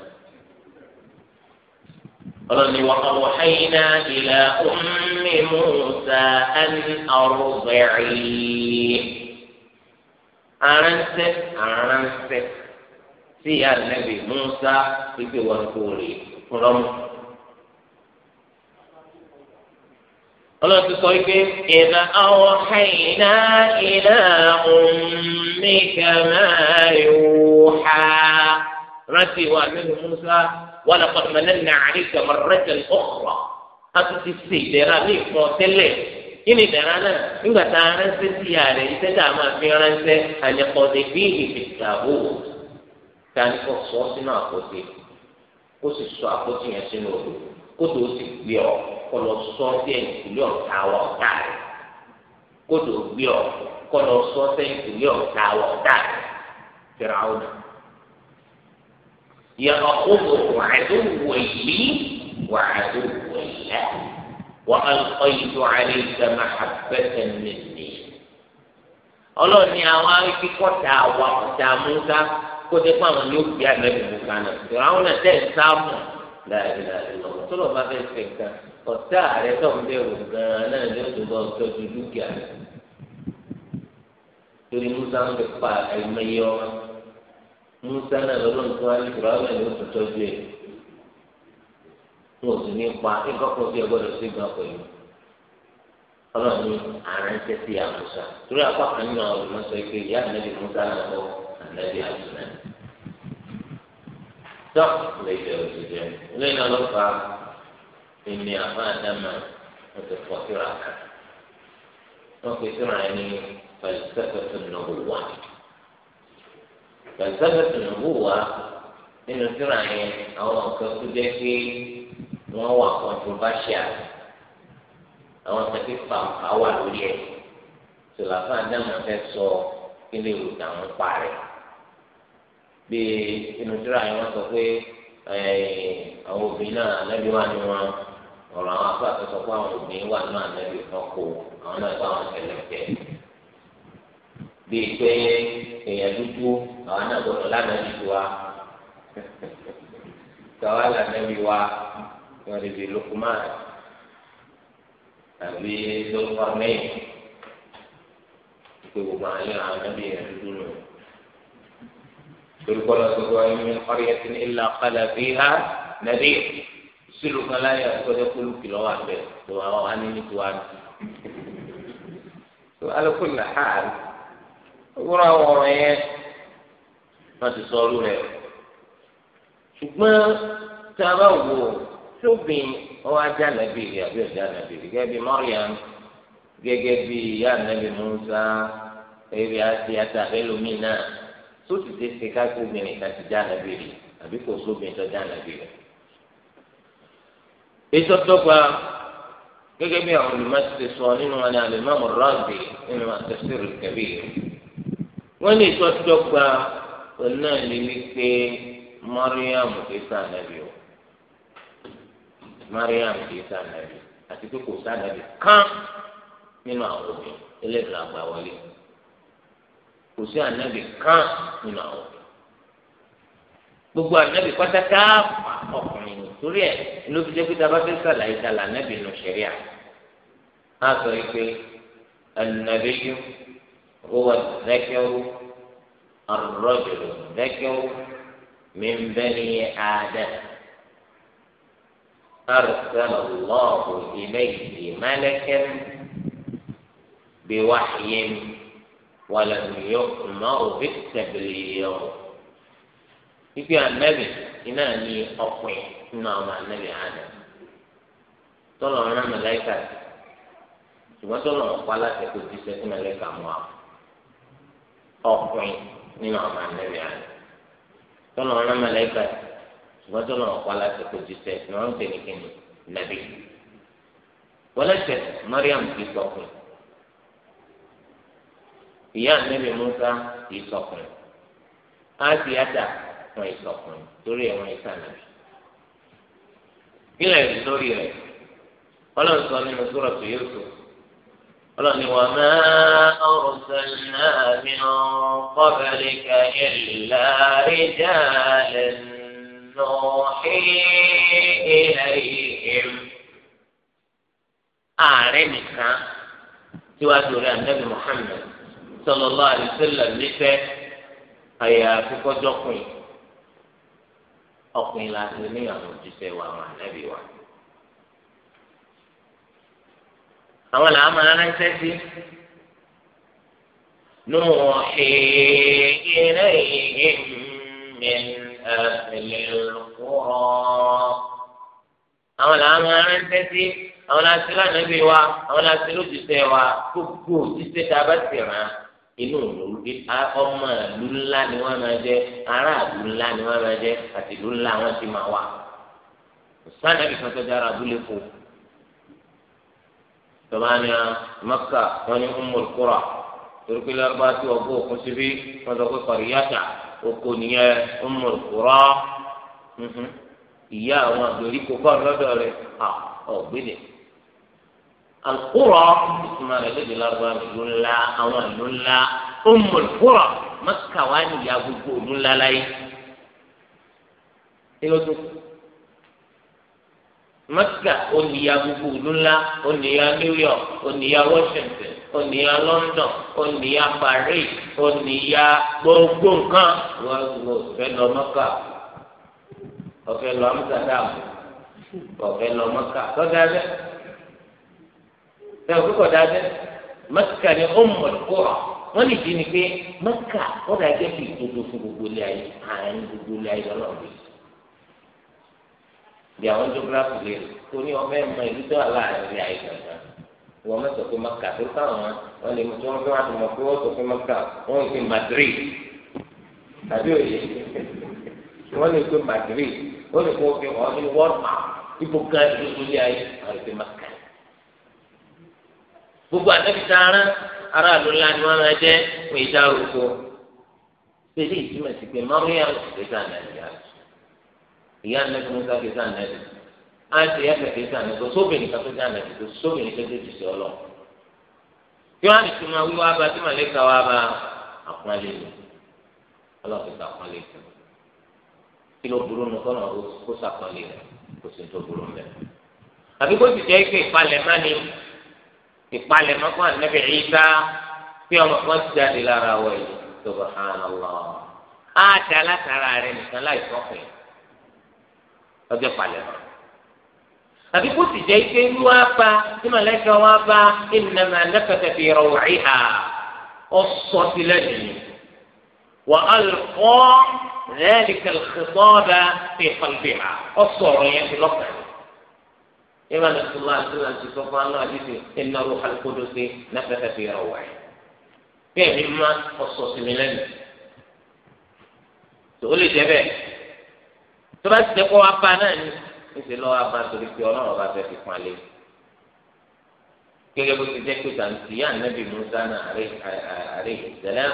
قالني وأوحينا إلى أم موسى أن أرضعيه أرنسة أرنسة في النبي موسى في ورقولي فرم قالت سويك إذا أوحينا إلى أمك ما يوحى رسي النبي موسى ولقد مننا عليك مرة أخرى أتوتي سيدرا لي فوتلي ini dara náà nígbà tá a ránṣẹ́ sí ìyá rẹ̀ iṣẹ́ tá a máa fi ránṣẹ́ àyẹ̀kọ́dé bí ìfìdàwó ta ni kò sọ sínú àpótí kó sì sọ àpótí yẹn sínú odò kó tó sì gbé ọ kó lọ sọ sí ẹ̀yìn ìpínlẹ̀ ọ̀tá wa ọ̀tá rẹ̀ kó tó gbé ọ kó lọ sọ sí ẹ̀yìn ìpínlẹ̀ ọ̀tá wa ọ̀tá rẹ̀ fẹ́ràn àwọn يأخذه عدو لي وعدو له وألقيت عليك محبة مني ọlọ́run ni àwọn akíkọ́ta àwọn ọ̀tá múta kó tẹ́ fún àwọn yóò gbé àlẹ́bí múta náà ìrọ̀ àwọn náà tẹ̀ ń sáàmù láìláì lọ́wọ́ tó lọ́ọ́ bá fẹ́ fẹ́ nǹkan ọ̀tá rẹ̀ tó ń bẹ̀rù gan-an náà ni ó tó lọ tọ́jú dúkìá torí múta ń fi pa ẹ̀mẹ́yẹ ọmọ musa náà lọ́dún tó wá ní fìlàwọ́ ẹ̀ ló tún tọ́jú ẹ̀ wọn ò sì ní pa nǹkan kan bí ọgbọ́dọ̀ sí gan pẹ̀lú ọlọ́run ní àránṣẹ́ sí àmúṣà torí apá kan nínú àwọn olùmọ̀sọ pé ìyá ànábì musa náà lọ ànábì àmúṣà tó lè jẹ òṣìṣẹ́ lẹ́yìn náà ló fa èmi àbá àdámà wọn pọ̀ síra kan wọn fi síra ẹni pẹ̀lú sẹ́kọ̀tún فلسفة النبوة nínú síra yẹn àwọn nǹkan tó jẹ́ pé wọ́n wà controversial àwọn nǹkan tí fàǹfà wà lórí ẹ̀ sọlàfà dáhùn fẹ́ sọ kí lè rò táwọn pa rẹ̀ bí nínú síra yẹn wọ́n sọ pé àwọn obìnrin náà anábì wà ní wọn ọ̀rọ̀ àwọn afọ àfẹsọ pé àwọn obìnrin wà ní wọn anábì kan àwọn náà bá wọn tẹ̀lé bíi pé èèyàn dúdú àwọn náà gbọdọ̀ lánàá dúdú wa tọ́wá lánàá bí wa wọn lè fi Lukman àbí lókọ́mẹ́yì pé gbogbo àwọn àwọn nábì yẹn dúdú nù. torí kọ́ lọ sí wa min qaryatin illa qala fiha nadhir sílùú kan láyé àtúkọ́jọ́ kúlù kìlọ̀ wà bẹ́ẹ̀ tó àwọn wà ní ní tiwa nù. wúrọ àwọn ọ̀rọ̀ yẹn wọ́n ti sọ ọrú rẹ̀ ṣùgbọ́n tá a bá wò ó tóbin ọwọ́ ajá nàbì rí àbí ọjà nàbì rí gẹ́gẹ́ bí mọ́ríyàn gẹ́gẹ́ bí ìyá nàbì Mùsá ẹ̀rí àti àtàfẹ́lómi náà tó ti dé ṣe ká kóbìnrin ká ti já nàbì rí àbí kò sóbìnrin tó já nàbì ètò gẹ́gẹ́ bí àwọn olùmọ̀ ti sọ nínú wọn ni wọ́n lè tọ́jọ́ gba òun náà lè wí pé mariam kì í sànàbì o mariam kì í sànàbì àti pé kò sànàbì kán nínú àwọn obìnrin eléyìí la gbà wọlé kò sí ànábì kán nínú àwọn obìnrin gbogbo ànábì pátákà ọkùnrin nítorí ẹ ló fi jẹ́ pé tá fẹ́ sàlàyé ta là nù sẹríà á sọ yìí pé ànábì yìí. هو الذكر الرجل الذكر من بني آدم أرسل الله إليه ملكا بوحي ولم يؤمر بالتبليغ ibi anabi iná ní ọpin nínú àwọn anabi àná tọlọ ń rán mẹlẹka ṣùgbọ́n tọlọ ń pa láti ẹ̀kọ́ jíṣẹ́ fún mẹlẹka mọ àwọn. ọkùnrin nínú àwọn ànẹ́bí àná tọ́nà ọ̀nà mẹ́lẹ́kà ṣùgbọ́n tọ́nà ọ̀pá láti kojú sẹ́ ni wọ́n ń pè ní nàbí wọlé Mariam kì sọkùn ìyá ànẹ́bí Musa kì sọkùn áàtìyàtà wọn ì sọkùn torí ẹ̀ wọn ì sànàbí lórí rẹ̀ ọlọ́run sọ nínú sọ́rọ̀ tó yóò sọ̀rọ̀. ọlọ́ni wà má ọ̀rọ̀sẹ̀lá mi ọ̀ kọ́bẹ̀lìkà ìlà ìjà lẹ́nu ìlẹ̀ ìhìm. ààrẹ nìkan síwájú rẹ̀ ànábì Muhammad sallallahu alaihi wasallam nífẹ̀ àyà àfikọ́jọ́kùn ọkùnrin láti níyàwó jíṣẹ́ wa àwọn ànábì wa. àwọn làá máa ránṣẹ́ sí nùhì ilayhim min ahlil qura àwọn làá máa ránṣẹ́ sí àwọn láti lánàbí wa àwọn láti lójútẹ wa gbogbo títẹ tá a bá ti ràn inú òlòlùbí ọmọ ìlú ńlá ni wọn máa jẹ aráàlú ńlá ni wọn máa jẹ àti ìlú ńlá wọn ti máa wà sànàbí kan tó dára abúlé fún un tọ́mánìá mọ́kà wọn ní umul kura torí pé lọ́rọ́ bá tí wọ́n bó òkun síbí wọ́n sọ pé kọ̀ríyàtà oko nìyẹn umul kura mhm. ìyá àwọn àgbèríko kọ́ lọ́dọ̀ rẹ̀ ọ̀gbìnì alukura ìtumọ̀ rẹ̀ lédè lọ́rọ́ ìlú ńlá àwọn ìlú ńlá umul kura mọ́kà wá níyà gbogbo ìlú ńlá mẹ́kà oníyà gbogbo ìlú ńlá oníyà new york oníyà washington oníyà london oníyà paris oníyà gbogbo nǹkan wọ́n lọ fẹ́ lọ mẹ́kà ọ̀fẹ́ lọ amsterdam ọ̀fẹ́ lọ mẹ́kà kọ́dá bẹ́ẹ̀ sẹ́wọ́n kí kọ́dá bẹ́ẹ̀ mẹ́kà ni ó mọ̀ kúrọ̀ wọ́n lè dín ní pé mẹ́kà kọ́dá gẹ́gẹ́ bí ìdodo fún gbogbo ilé ayé àárín gbogbo ilé ayé lọ́nà bíi bí àwọn geography lè tó ní ọmọ ẹ̀ mọ ìlú tó wà láàrin ilé ayé gbàgbà wọ́n mọ̀ sọ pé maka tó káwọn wọ́n lè mú tí wọ́n fẹ́ wá tó mọ̀ pé wọ́n maka wọ́n lè pe Madrid tàbí òye wọ́n lè pe Madrid wọ́n lè pe wọ́n fi wọ́n ní world map ipò kan ìlú ilé ayé wọ́n lè pe maka gbogbo àtẹ́bí sáárá aráàlú ńlá ni wọ́n máa jẹ́ fún ìdárò tó ṣe lè sí pé mọ́ríyàmù ti gbé sáà nàìjíríà ìyá anabi musa kì í sàn anabi àti ẹ̀fẹ̀ kì í sàn anabi sóbìnrin kan tó sàn anabi tó sóbìnrin tó tètè sí ọlọ. kí wọ́n á ní tuma wíwá bá tí màlẹ́ka wá bá àpọ́nlé ni ọlọ́ọ̀fẹ́ ká pọ́nlé fún un. kí ló burú nu kọ́nà kó sàpọ́nlé rẹ̀ kó sì tó burú mẹ́. àbí kó ti jẹ́ pé ìpalẹ̀ má ni ìpalẹ̀ má kó anabi ìta kí ọmọ kan ti jáde lára wọ̀ yìí subhanallah. á dá látara rẹ̀ lọ́jọ́ palẹ̀ mọ́ àbí kó sì jẹ́ ike ní wọ́n á bá ní mọ̀lẹ́kẹ́ wọ́n á bá ìnana nẹ́fẹ̀tẹ̀ fi rọ̀ wáyé hà ọ̀sọ́ ti lẹ́nu ni wọ́n á lọ́ rẹ́ẹ̀lì kẹlẹ́kẹ́sọ́ọ̀dà fi falẹ̀ hà ọ̀sọ́ ọ̀rọ̀ yẹn ti lọ́kàn. ìmọ̀ nàìjíríà àti nàìjíríà sọ fún aná àdìsí iná ro alikodo sí nẹ́fẹ̀tẹ̀ fi rọ̀ wáyé bẹ́ẹ̀ ni má ọ̀sọ́ ti mi lẹ́nu. tó o lè jẹ́ bẹ́ẹ̀ tó bá ti tẹ́kọ̀ wá bá náà ní níṣẹ́ lọ́wọ́ abá torí pé ọlọ́run bá fẹ́ fi pọn lé gẹ́gẹ́ bó ti jẹ́ pé tàǹtì yá nẹ́bí musa náà àárẹ̀ ìṣẹ̀lẹ̀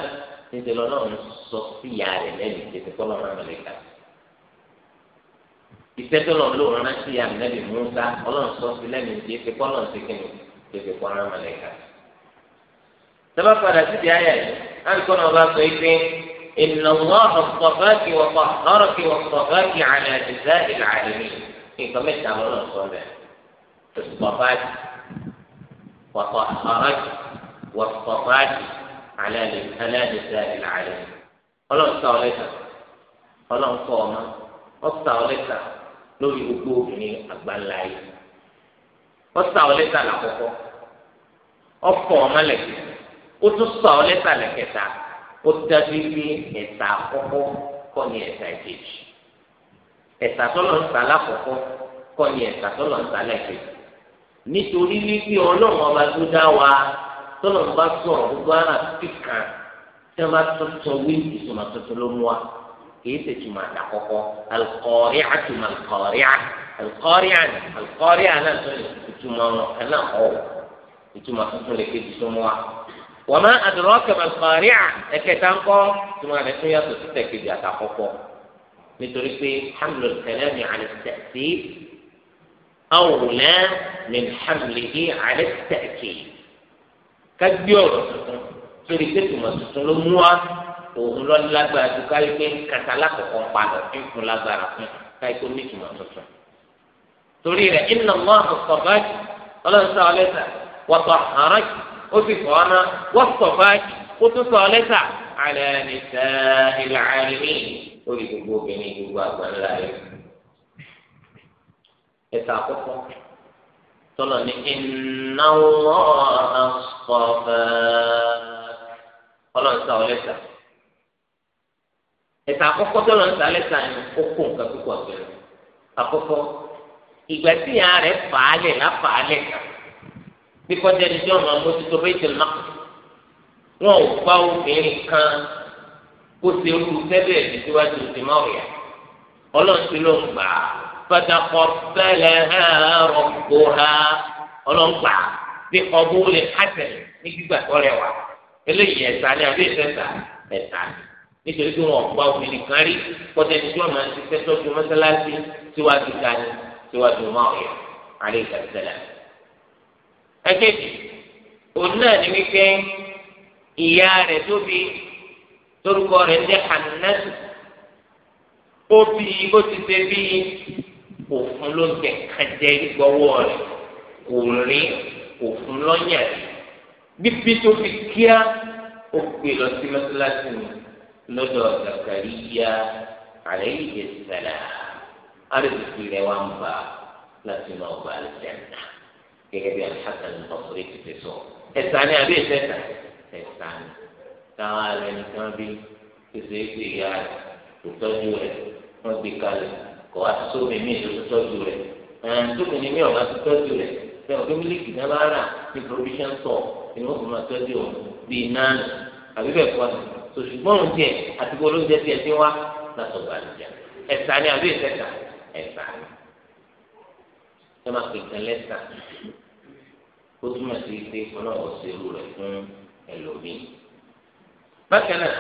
níṣẹ́ lọ́run sọ sí ìyá rẹ̀ lẹ́nu ìṣẹ̀tẹ̀ kọ́ lọ́run amẹ́lẹ́ka ìṣẹ́tẹ̀ lọ́run ló rán sí ìyá nẹ́bí musa ọlọ́run sọ sí lẹ́nu ìṣẹ̀tẹ̀ kọ́ lọ́run sí kẹ́nu ìṣẹ̀tẹ̀ kọ́ lọ́run amẹ́lẹ́ka tẹ́lá padà إن الله اصطفاك وطهرك واصطفاك على نساء العالمين إنك مش عملنا الصلاة اصطفاك وطهرك واصطفاك على نساء العالمين ọlọ́run sá ọ lẹ́sà ọlọ́run kọ́ ọmọ ọ sá ọ lẹ́sà lórí gbogbo obìnrin àgbáńlá yìí ọ sá ọ lẹ́sà làkọ́kọ́ ọ kọ́ ọmọ lẹ́kẹ̀ẹ́ ó tún sá ọ lẹ́sà lẹ́kẹ̀ẹ́ta ó dájú pé ẹ̀sà àkọ́kọ́ kọ́ ni ẹ̀sà ìkejì ẹ̀sà tọ́lọ̀ ń sà lákọ̀ọ́kọ́ kọ́ ni ẹ̀sà tọ́lọ̀ ń sà lẹ́kẹ̀ẹ́ nítorí wípé ọlọ́run ọba tó dá wa tọ́lọ̀ ń bá sọ̀rọ̀ gbogbo ara kíkan tí wọ́n bá tọ́tọ́ wíńdì ìtumọ̀ tuntun ló mú wa kìí ṣe tuma àkọ́kọ́ alukọ́rí àtúmọ̀ alukọ́rí alukọ́rí alukọ́rí àná tó ìtumọ̀ ẹ̀ná ọ̀ ìtumọ̀ lè kejì tó mú wa wọ́n máa àdúrà kẹ̀mẹ̀ kọ́rí à ẹ̀kẹta ńkọ́ tí wọ́n rẹ̀ tún yàtọ̀ sí tẹ̀kejì àtàkọ́kọ́ nítorí pé hamlin kẹlẹ́mi àlẹ́sẹ̀sì awùlẹ́ min hamlihi àlẹ́sẹ̀kì kágbé ọ̀rọ̀ tuntun sórí pé tùmọ̀ tuntun ló mú wa òun lọ lágbára ju káyọ̀ pé kàtà lákòókò ń padà fún fún lágbára fún káyọ̀ pé ní tùmọ̀ tuntun torí rẹ̀ iná àkọ́kọ́ báyìí ó sì fọ́ ọ́nà wọ́n sọ báyìí kó tún sọ lẹ́tà alẹ́ nìta ilẹ̀ lórí gbogbo obìnrin gbogbo àgbàlá rẹ̀. ẹ̀ka àkọ́kọ́ tọ́lọ̀ ní ìnáwó ọlọ́run sọ lẹ́tà. ẹ̀ka àkọ́kọ́ tọ́lọ̀ ni ó kó nǹkan púpọ̀ bí kọjá ẹni tí wọn máa mójútó Baitul Maqdis wọn ò gbá obìnrin kan kó ṣe irú sẹ́bẹ̀ ẹ̀dí síwájú ti máa rẹ̀ ọlọ́run ti ló ń gbà á fataqabbalaha rabbuha ọlọ́run gbà á bí ọbọ̀ lè hàtẹ̀ ní gbígbà tó rẹwà eléyìí ẹ̀ta ni àbí ìfẹ́ta ẹ̀ta ni nítorí pé wọn gbá obìnrin kan rí kọjá ẹni tí wọn máa ti fẹ́ tọ́jú mọ́sálásí síwájú dání síwájú máa rẹ̀ àlẹ́ ẹ̀kejì òun náà ní wípé ìyá rẹ̀ tó bí torúkọ rẹ̀ ń jẹ́ hànánásù ó bí ó ti ṣe bí òfun ló ń tẹ̀ kájẹ́ gbọ́wọ́ rẹ̀ kò rí òfun lọ́yàn rẹ̀ bíbí tó fi kíá ó gbé lọ sí mọ́sálásí mi lọ́dọ̀ Zakariya alayhi salam àrètí rẹ̀ wá ń bá láti máa bá àlùjáde náà gẹ́gẹ́ bí alihassan ọ̀sọ̀rọ̀ ti ti sọ ẹ̀sán ni àbí ìfẹ́ta ẹ̀sán ni táwọn alẹ́ nìkan bí pèsè ìgbé ìyá rẹ̀ tó tọ́jú rẹ̀ wọ́n gbé kalẹ̀ kọ́ wá sómi míì tó tọ́jú rẹ̀ tóbi ni mí ọ̀gá tó tọ́jú rẹ̀ bẹ́ẹ̀ ọ̀gá mílíkì náà bá rà ní provision store ni wọ́n fi máa tọ́jú bíi nánà àbí bẹ́ẹ̀ kọ́ sòṣùgbọ́n tiẹ̀ àti polóúnjẹ tiẹ̀ ti wá látọ̀gbà àlùjá ẹ̀sán ni àbí ìfẹ́ta ẹ̀sán ni ẹ máa pè kàn lẹ́sà ó túmọ̀ sí pé ọlọ́wọ́ ṣerú rẹ̀ fún ẹlòmíì. bákan náà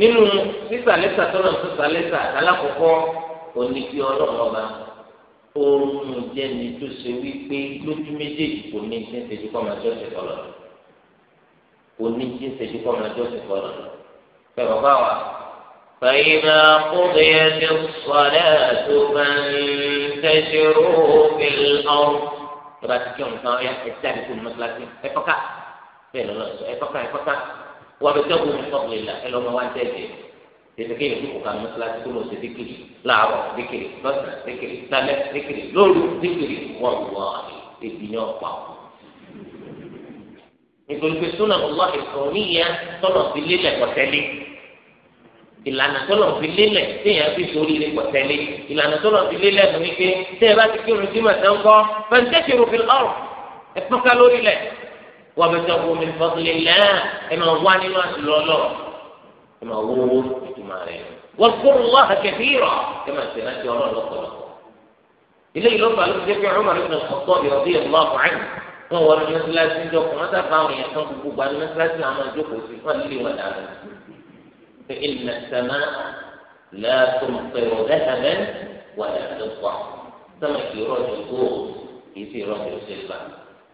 nínú sísà lẹ́sà tọ́lọ̀ sísà lẹ́sà alákọ̀ọ́kọ́ òní fi ọlọ́run ọba oorun jẹ́ni tó ṣe wípé lójú méjèèjì kò ní ti ń ṣèjú kọ́ máa jọ́sìn kọ́lọ̀ kò ní ti ń kọ́ máa jọ́sìn kọ́lọ̀ bẹ́ẹ̀ bàbá wa. فإذا قضيت الصلاة فانتشروا تنتشروا في الأرض تبقى تكون يا السابق يكون مثلك افكا بين الله افكا افكا وابتغوا من فضل الله اللي هم وانت tètèké yìí kò kàn mọ́sálásí tó lọ sí díkìrì láàárọ̀ díkìrì lọ́sàn díkìrì lálẹ́ díkìrì lóru díkìrì wọ́ọ̀wọ́ ebi ní ọ̀pá o. nítorí pé súnà ọlọ́ ìfọ̀níyà tọ́nà fi lélẹ̀ kọ̀tẹ́lé ìlànà tọ́lọ̀ fi lélẹ̀ téèyàn fi sórí ilé pọ̀tẹ́lẹ̀ ìlànà tọ́lọ̀ fi lélẹ̀ ní wípé tẹ́ ẹ bá ti kírun sí màtá ń kọ́ fẹ́ntẹ́sìrò fi lọ́rùn ẹ pọ́nká lórí lẹ̀ wọ́n bẹ tọ́ omi fọ́tulẹ̀ lẹ́ẹ̀ ẹ máa wá nínú àtìlọ́lọ́ ẹ máa wó owó ìtumọ̀ rẹ̀ wọ́n kúrò wá àkẹ́fì rọ̀ ẹ máa tẹ̀ láti ọlọ́ lọ́pọ̀lọpọ̀ ilé ìlú ní mẹsàlásì ń jọ kọ wọn sábà àwọn èèyàn kan gbogbo gba ní mẹsàlásì àwọn àjòkòsí wọn lè wọn dàrú فإن السماء لا تمطر ذهبا ولا فضة سما كي رجل غوغ كي رجل سلفا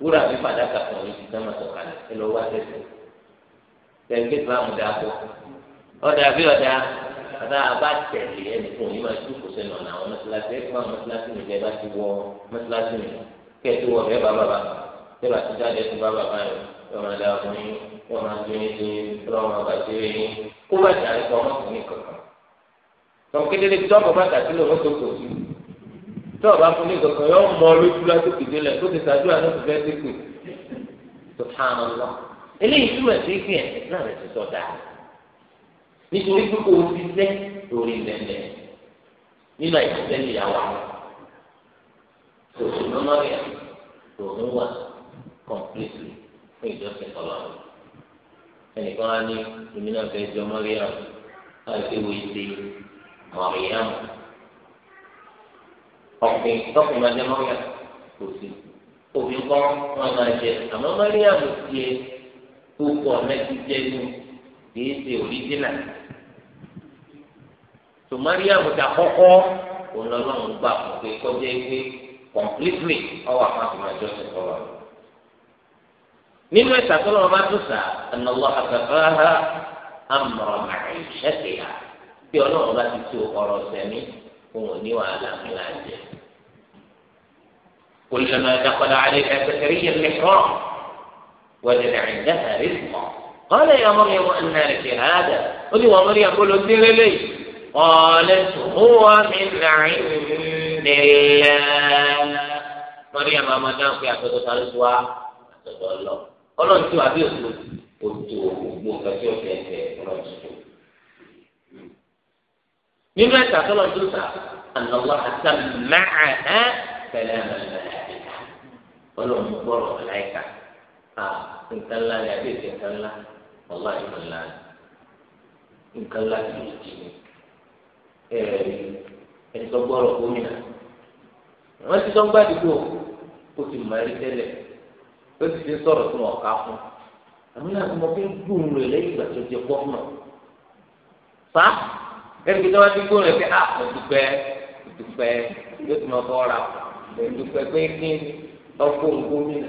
ورا في فداك كوني سما سكان لو واسس تنكت ما مدافو ọdà bí ọdà ọdà àbá tẹlẹ ẹnìkan yìí máa tún kò sẹnu ọ̀nà àwọn mọ́sálásí ẹ̀kọ́ àwọn mọ́sálásí nìjẹ́ bá ti wọ mọ́sálásí nìjẹ́ kẹ́ẹ̀tì wọ bẹ́ẹ̀ bá bàbá bẹ́ẹ̀ bá ti jáde fún bá bàbá yẹn wọ́n máa dá ọkùnrin wọ́n máa tún yín sí wọ́n máa bàjẹ́ yín kó bá dà ẹ sọ ọmọkùnrin kankan tọ́ kedere tí ọkọ̀ bá dàtí lọ́wọ́ tó kò sí tí ọba fún mi kankan yọ mọ lójú láti kìdí lẹ tó ti sàdúrà náà tó fẹ́ ti pè tó hàn án lọ eléyìí túmọ̀ sí pé ẹ̀ náà rẹ̀ ti sọ dáa nítorí pé kò ti sẹ́ lórí lẹ́lẹ̀ nínú àìsísẹ́ níyàwó àwọn tòṣù lọ́mọ́rìà tòun wà kọ̀ǹpìlìtì fún ìjọsìn ọlọ́run ẹnìkan á ní èmi náà fẹ́ jọ mọ́ríyàmù láì pé wo ṣe mọ́ríyàmù ọ̀pìn tọ́pìn máa jẹ mọ́ríyàmù kò sí òbí kọ́ wọn máa jẹ àmọ́ mọ́ríyàmù tiẹ̀ tó pọ̀ mẹ́tí jẹ́ ní kìí ṣe òríjìnà tó mọ́ríyàmù ta kọ́kọ́ òun lọ́lọ́run gbà pé kọjá pé completely ọwọ́ àpapọ̀ àjọṣepọ̀ wà lọ. nínú ẹ̀sà tó lọ́wọ́ bá tó sà ẹnìlọ́ àfẹ́fẹ́hà amọ̀rọ̀ màáyìṣẹ́tìyà bí ọlọ́run bá ti tó ọ̀rọ̀ sẹ́mi كلما دخل عليها زكريا المحرام وجد عندها رزقا قال يا مريم أن لك هذا قل ومريم قل انزلي لي قالت هو من عند الله مريم ما في أحد الأرض وأحد الله ọlọ́run tí wà bí òtò òtò ògbó nǹkan tí ọ̀fẹ́ ẹ̀fẹ́ ọlọ́run tó tó. nínú ẹ̀ka tọ́lọ̀ tó ta ànàlọ́ àtà máa ẹ́ tẹ̀lé àmàlẹ́ka ọlọ́run gbọ́rọ̀ ọ̀láìka à nǹkan ńlá ni àbí ètò nǹkan ńlá ọ̀la ìmọ̀ ńlá nǹkan ńlá ti lè jì ní gómìnà wọ́n ti sọ gbàdúgbò ó ti mọ̀ ẹ́ ó ti ṣe sọ̀rọ̀ tó wọn ká fún àmì náà mo fi ń gbóhùn rẹ̀ lẹ́yìn ìgbà tó ti pọ́ fún ọ. sá ẹni tó wá ti gbóhùn rẹ̀ pé a ah, mo dúpẹ́ dúpẹ́ yóò ti máa fọ́ ra dúpẹ́ pé kí ọkọ̀ ògùn mi nà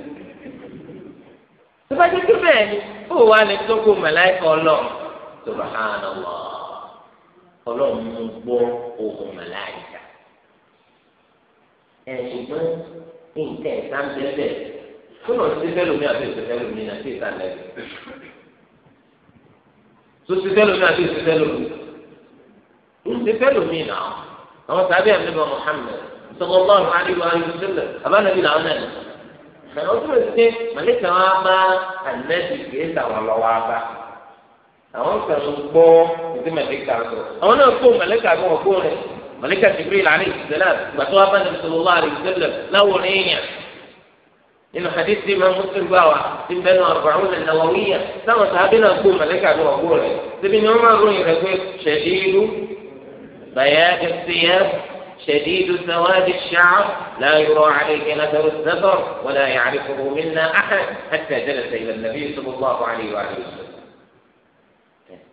tọ́bajẹ́ tó bẹ́ẹ̀ ni ó wà ní tókò mẹ́láìkà ọlọ́run subahana wà ọlọ́run mú gbọ́ ohun mẹ́láìkà ẹ̀yìn gbọ́n ní nǹkan bẹ́ẹ̀ tó lọ sí fẹlómi àti ìsẹfẹlómi àti ìsàlẹ tó sí fẹlómi àti ìsẹfẹlómi ìsẹfẹlómi náà àwọn sábẹ́ àmìlẹ́bà Muhammad sallallahu alaihi wa sallam abánabi làwọn náà nà ó túbọ̀ sí màlẹ́kà wọn bá ànẹ́bì kìí sàwọn lọ́wọ́ bá àwọn kan gbọ́ ìdí màlẹ́kà sọ àwọn náà kó màlẹ́kà kan wọ̀ kó rẹ̀ màlẹ́kà Jibril alaihi salam gbàtọ́ abánabi sallallahu alaihi wa sallam láwọn èèyàn. إن حديث دي من مسلم بقى دي بين أربعون النووية لما تهابنا نقول ملكة أبو أقول دي بين يوم أقول إذا شديد بياض الثياب شديد سواد الشعر لا يرى عليك نثر الزفر ولا يعرفه منا أحد حتى جلس إلى النبي صلى الله عليه وآله وسلم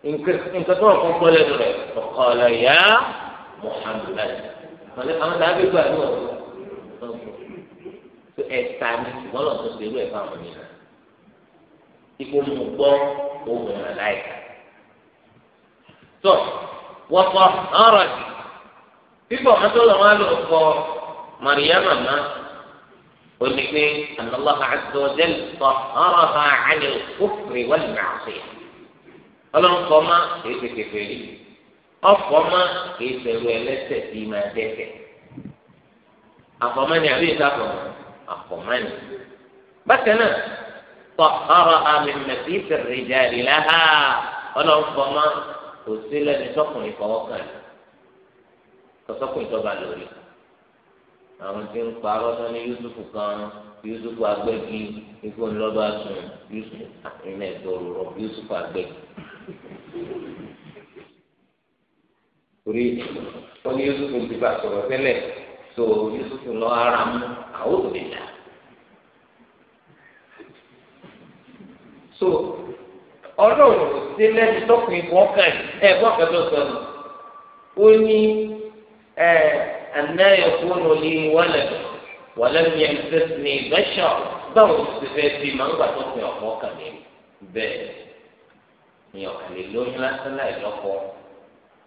إن كنت إن كنت فقال يا محمد فلقد أنا تهابي بقى pé ẹ̀ka ni ṣùgbọ́n lọ́n tó ṣerú ẹ̀ fáwọn mi náà ipò mo gbọ́ ohun ọ̀nà láìka. tó wọ́pọ̀ ọ̀rọ̀ sí bíbọ̀ mọ́tò lọ́wọ́ ló kọ màríyámà má ó ní pé ànàlọ́ àtọ́ jẹ́lì sọ ọ̀rọ̀ bá àlẹ́ òkúfèrè wọ́n lè máa ṣe. ọlọ́nkọ́ má kìí ṣe kẹfẹ́ yìí ọkọ̀ má kìí ṣe ẹrú ẹlẹ́sẹ̀ bíi máa dẹ́sẹ̀ àkọ́mọ́ni. bákan náà tọ ọ̀rọ̀ àmì mẹ̀sí ìfẹ̀rẹ̀ ìjà ìlà ha ọlọ́nfọmọ́ kò sí lẹ́ni tọkùnrin fọwọ́ kàn yìí tọ́sọ́kùnrin tó bá lórí. àwọn tí ń parọ́ tán ní Yusufu kan Yusufu agbẹ́gi ikú ńlọ́dọ̀ àtún Yusufu àtúnná ẹ̀dọ́rọ̀ rọ Yusufu agbẹ́gi. torí ó ní Yusufu ti bá sọ̀rọ̀ tẹ́lẹ̀ tó Yusuf lọ ara mú àwọn òbí dà so Ọlọ́run kò sí lẹ́nu tọkùnrin kan kàn ẹ gbọ́ kẹtọ sọnù ó ní ẹ anáyẹ fóònù lè wọlé wọlé mi ẹ ní bẹṣọ báwo ti fẹ́ bí màá ń gbà tọkùnrin ọkọ kàn mí bẹ́ẹ̀ ni ọkàn lè lóyún lásán láì lọ́kọ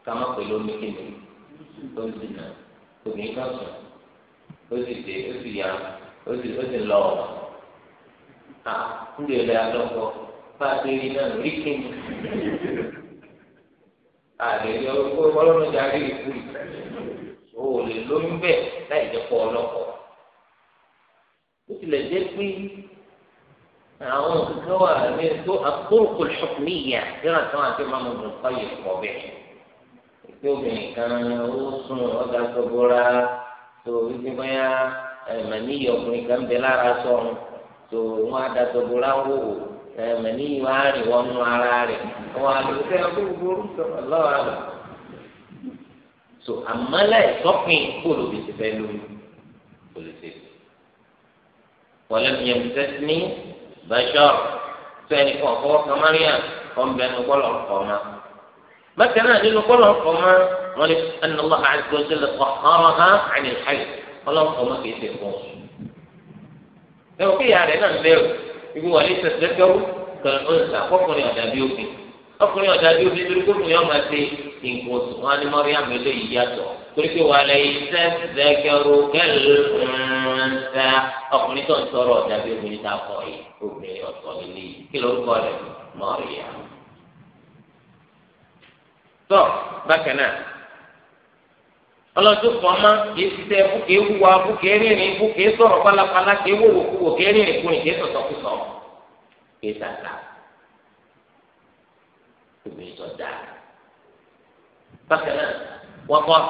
ká má pè lómi tó ń dì náà obìnrin kan sùn ó sì dé ó sì yá ó sì ó sì lọ ọ̀rọ̀ à ń lè lè alọ́kọ bá a ti rí náà rí kíni àlè yọ ọlọ́run jà rí ìkú o ò lè lóyún bẹ́ẹ̀ láì jẹ́ pọ̀ ọlọ́kọ ó tilẹ̀ jẹ́ pé àwọn òṣìṣẹ́ wà ní tó àkókò ṣọ̀kùnmíyà yọ̀rọ̀ àtàwọn àti mọ́mọ́ ọ̀gbìn kọ́ yẹ̀ pọ̀ bẹ́ẹ̀ tí obìnrin kan ó sùn ọ̀dà gbogboora tó wípé bóyá màníyì ọkùnrin kan bẹ lára sọ̀rùn tó wọn àdà gbogboora ń wò màníyì wọn á rìn wọnú ara rẹ̀ wọn àlùkò fẹ́ ọdún gbogbooro sọ̀rọ̀ lọ́wọ́ àlọ́ so àmàlà ìsọpin kó ló fi ṣe fẹ́ lórí kó lè ṣe wọlé miẹ mùsẹ ní bàṣọ tó ẹnì kan fọwọ́ kan mariam ọmọbìnrin gbọ́dọ̀ kọ́ ọ́ máa bákan náà nínú kọ́lọ̀ ọkọ̀ mọ́ wọn ni anamọ́ àgbọ̀jẹ́ lè kọ́ ọ̀rọ̀ hàn àní ìhàlẹ̀ ọlọ́kọ̀ mọ́ kìí ṣe fún un. ẹ̀rọ kí ìyá rẹ̀ náà bẹ̀rù ibi wà ní sẹ̀sẹ̀kẹ́rù kan ọ̀sà ọkùnrin ọ̀dà bí obì ọkùnrin ọ̀dà bí obì torí kókùnrin ọmọ ṣe nǹkan oṣù wọn ni mọ́ríyàm lè yí yàtọ̀ torí pé wà lẹ́yìn sẹ̀sẹ̀kẹ́rù kẹ́lẹ́ńtà ọkùnrin ń sọ̀rọ̀ ọ̀dà tọ́ bákan náà ọlọ́dún kan máa kì í ṣiṣẹ́ ẹkú kì í wúwa ẹkú kì í rìnrìn ẹkú kì í sọ̀rọ̀ pálapàla kì í wòwò kúwò kì í rìnrìn kùnì kì sọ̀tọ̀ kù sọ̀rọ̀ kì í sàtà kùnì sọ̀dà náà wọ́n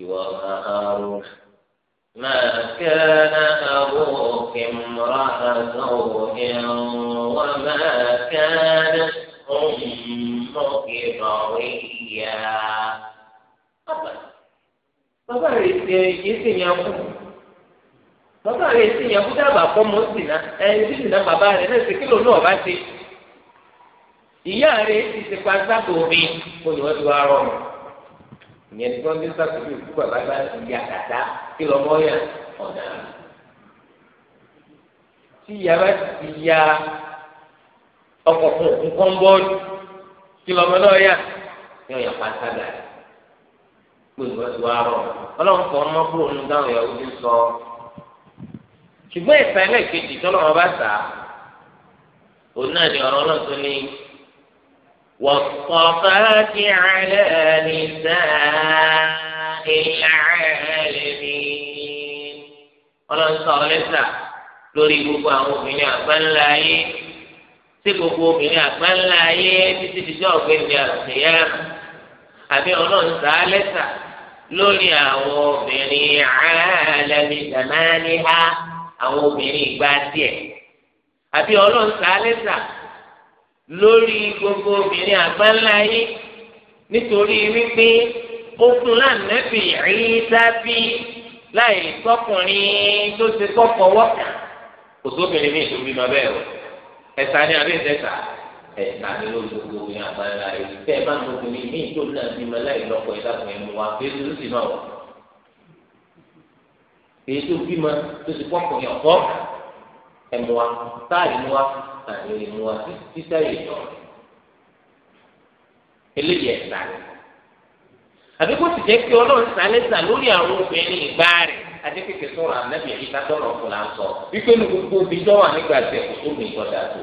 وهارون ما كان أبوك امرأة سوء وما كانت أمك بغيا bàbá rẹ ṣe ìṣe yẹn bàbá rẹ ṣe yẹn dábàá kọ́ sí náà ẹni tí sì náà bàbá rẹ náà ṣe kí ìyẹn tí wọ́n ti sàkóso ìkú bàbá bá ìyá kàtá kí lọ́mọ yà ọ̀nà tí ìyá bá ti ya ọkọ̀ fún nǹkan bọ́ọ̀lù kí lọ́mọ náà yà yóò yà pátá gà pé ìwọ́n ti wá rọ̀ ọlọ́run ọmọ kúrò nínú dáhùn ìyàwó ti sọ ṣùgbọ́n ìfẹ́ lẹ́ẹ̀kejì tọ́lọ́mọ sà òun náà ni ọ̀rọ̀ náà tó ní. واصطفاك على نساء العالمين ọlọ́run sọ ọlẹ́sà lórí gbogbo àwọn obìnrin tí gbogbo obìnrin àgbáńlá ayé títí dijọ́ ọ̀gbẹ́ni àṣeyá àbí ọlọ́run sọ ọlẹ́sà lórí àwọn obìnrin àálẹ́mí àwọn lórí gbogbo obìnrin àgbáńlá yìí nítorí wípé ó fún lánàbì Ìsá bí láì sọkùnrin tó ti kọ́kọ́ wọ́kà kò sóbìnrin ní ìtòbí ma bẹ́ẹ̀ o ẹ̀sà ni àbí ìtẹ̀sà ẹ̀sà ni lórí gbogbo obìnrin àgbáńlá yìí tẹ́ ẹ bá ń lóbìnrin ní ìtòbí náà bí ma láì lọ́kọ̀ ẹ̀dá kan ẹ̀ mú wa bí ó sì máa wọ̀ èyí tó bí tó ti kọ́kọ́ yọ̀ fọ́ ẹ̀ mú wa táà mú wa fún kan ní orí mu wa títí yìí lọ eléyìí ẹ̀sà àbí kó sì jẹ́ pé ọlọ́run sàlẹ́sà lórí àwọn obìnrin ìgbà rẹ̀ àti kékeré tó rà nàbì ìta tọ̀nà ọ̀fun là ń sọ wípé ní gbogbo omi tó wà nígbà tẹ̀ kó tó mi gbọ́dọ̀ tó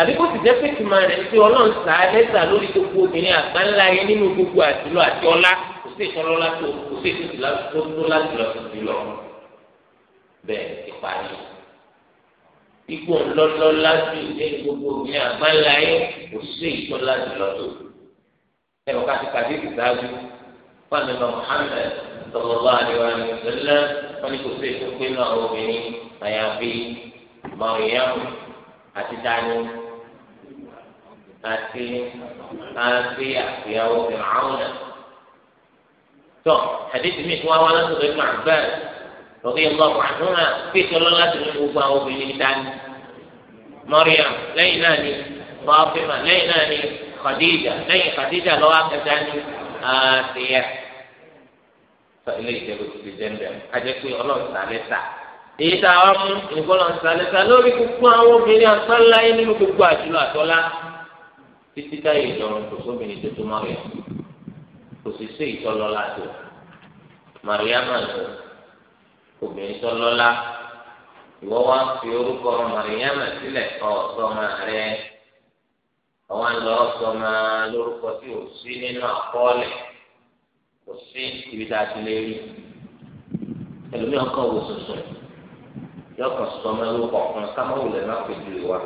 àbí kó sì jẹ́ pé tìmọ̀ rẹ̀ pé ọlọ́run sàlẹ́sà lórí gbogbo obìnrin àgbáńlá yẹn nínú gbogbo àtìlọ àti ọlá kò sí ìtọ́lọ́lá tó kò sí ìtútù tó tó láti lọ sí ìlọ ikú ńlọlọ lájú lẹ́nu gbogbo ní àgbáńláyé kò sí ìtọ́ lájú lọ́tọ̀. ẹ wọ́n ká ti pàdé ìdájú fáwọn ẹ̀rọ Muhammad sọlọ́lá àdìwà ní ìṣẹ̀lẹ̀ wọn ni kò sí ètò pé náà obìnrin àyàfi mọ̀ọ́yẹ́mù àti dání àti àti àfihàn ìrànwọ́. tó àdéhùn mi tí wọ́n wá lọ́sọ̀rọ̀ ìgbà bẹ́ẹ̀ lọ́kọ́ yẹn lọ́kọ́ àtúnwá pé tọ́lọ́ láti ní gbogbo àwọn obìnrin dání Maryam lẹ́yìn náà ni Fatima lẹ́yìn náà ni Khadija lẹ́yìn Khadija lọ́wọ́ akẹ́ta ni Asiya ilé ìjẹ́bù ti jẹ́ ń bẹ̀rẹ̀ kájẹ́ pé ọlọ́run sálẹ̀ sá èyí tá a wá mú nǹkan lọ́n sálẹ̀ sá lórí gbogbo àwọn obìnrin àtọ́lá yín nínú gbogbo àjùlọ àtọ́lá títí táyé ìjọrùn obìnrin tó lọ́lá ìwọ wá ń fi orúkọ mọ̀rìyàmà sílẹ̀ ọ̀sọ́mọ rẹ àwọn ń lọ sọmọ lórúkọ tí ò sí nínú àkọọ́lẹ̀ kò sí ibi tá a ti lè rí ẹlòmíràn kan wò sùsùn yóò kàn sọmọ lórúkọ kan sámọ́wò lẹ́nu àpèjú wa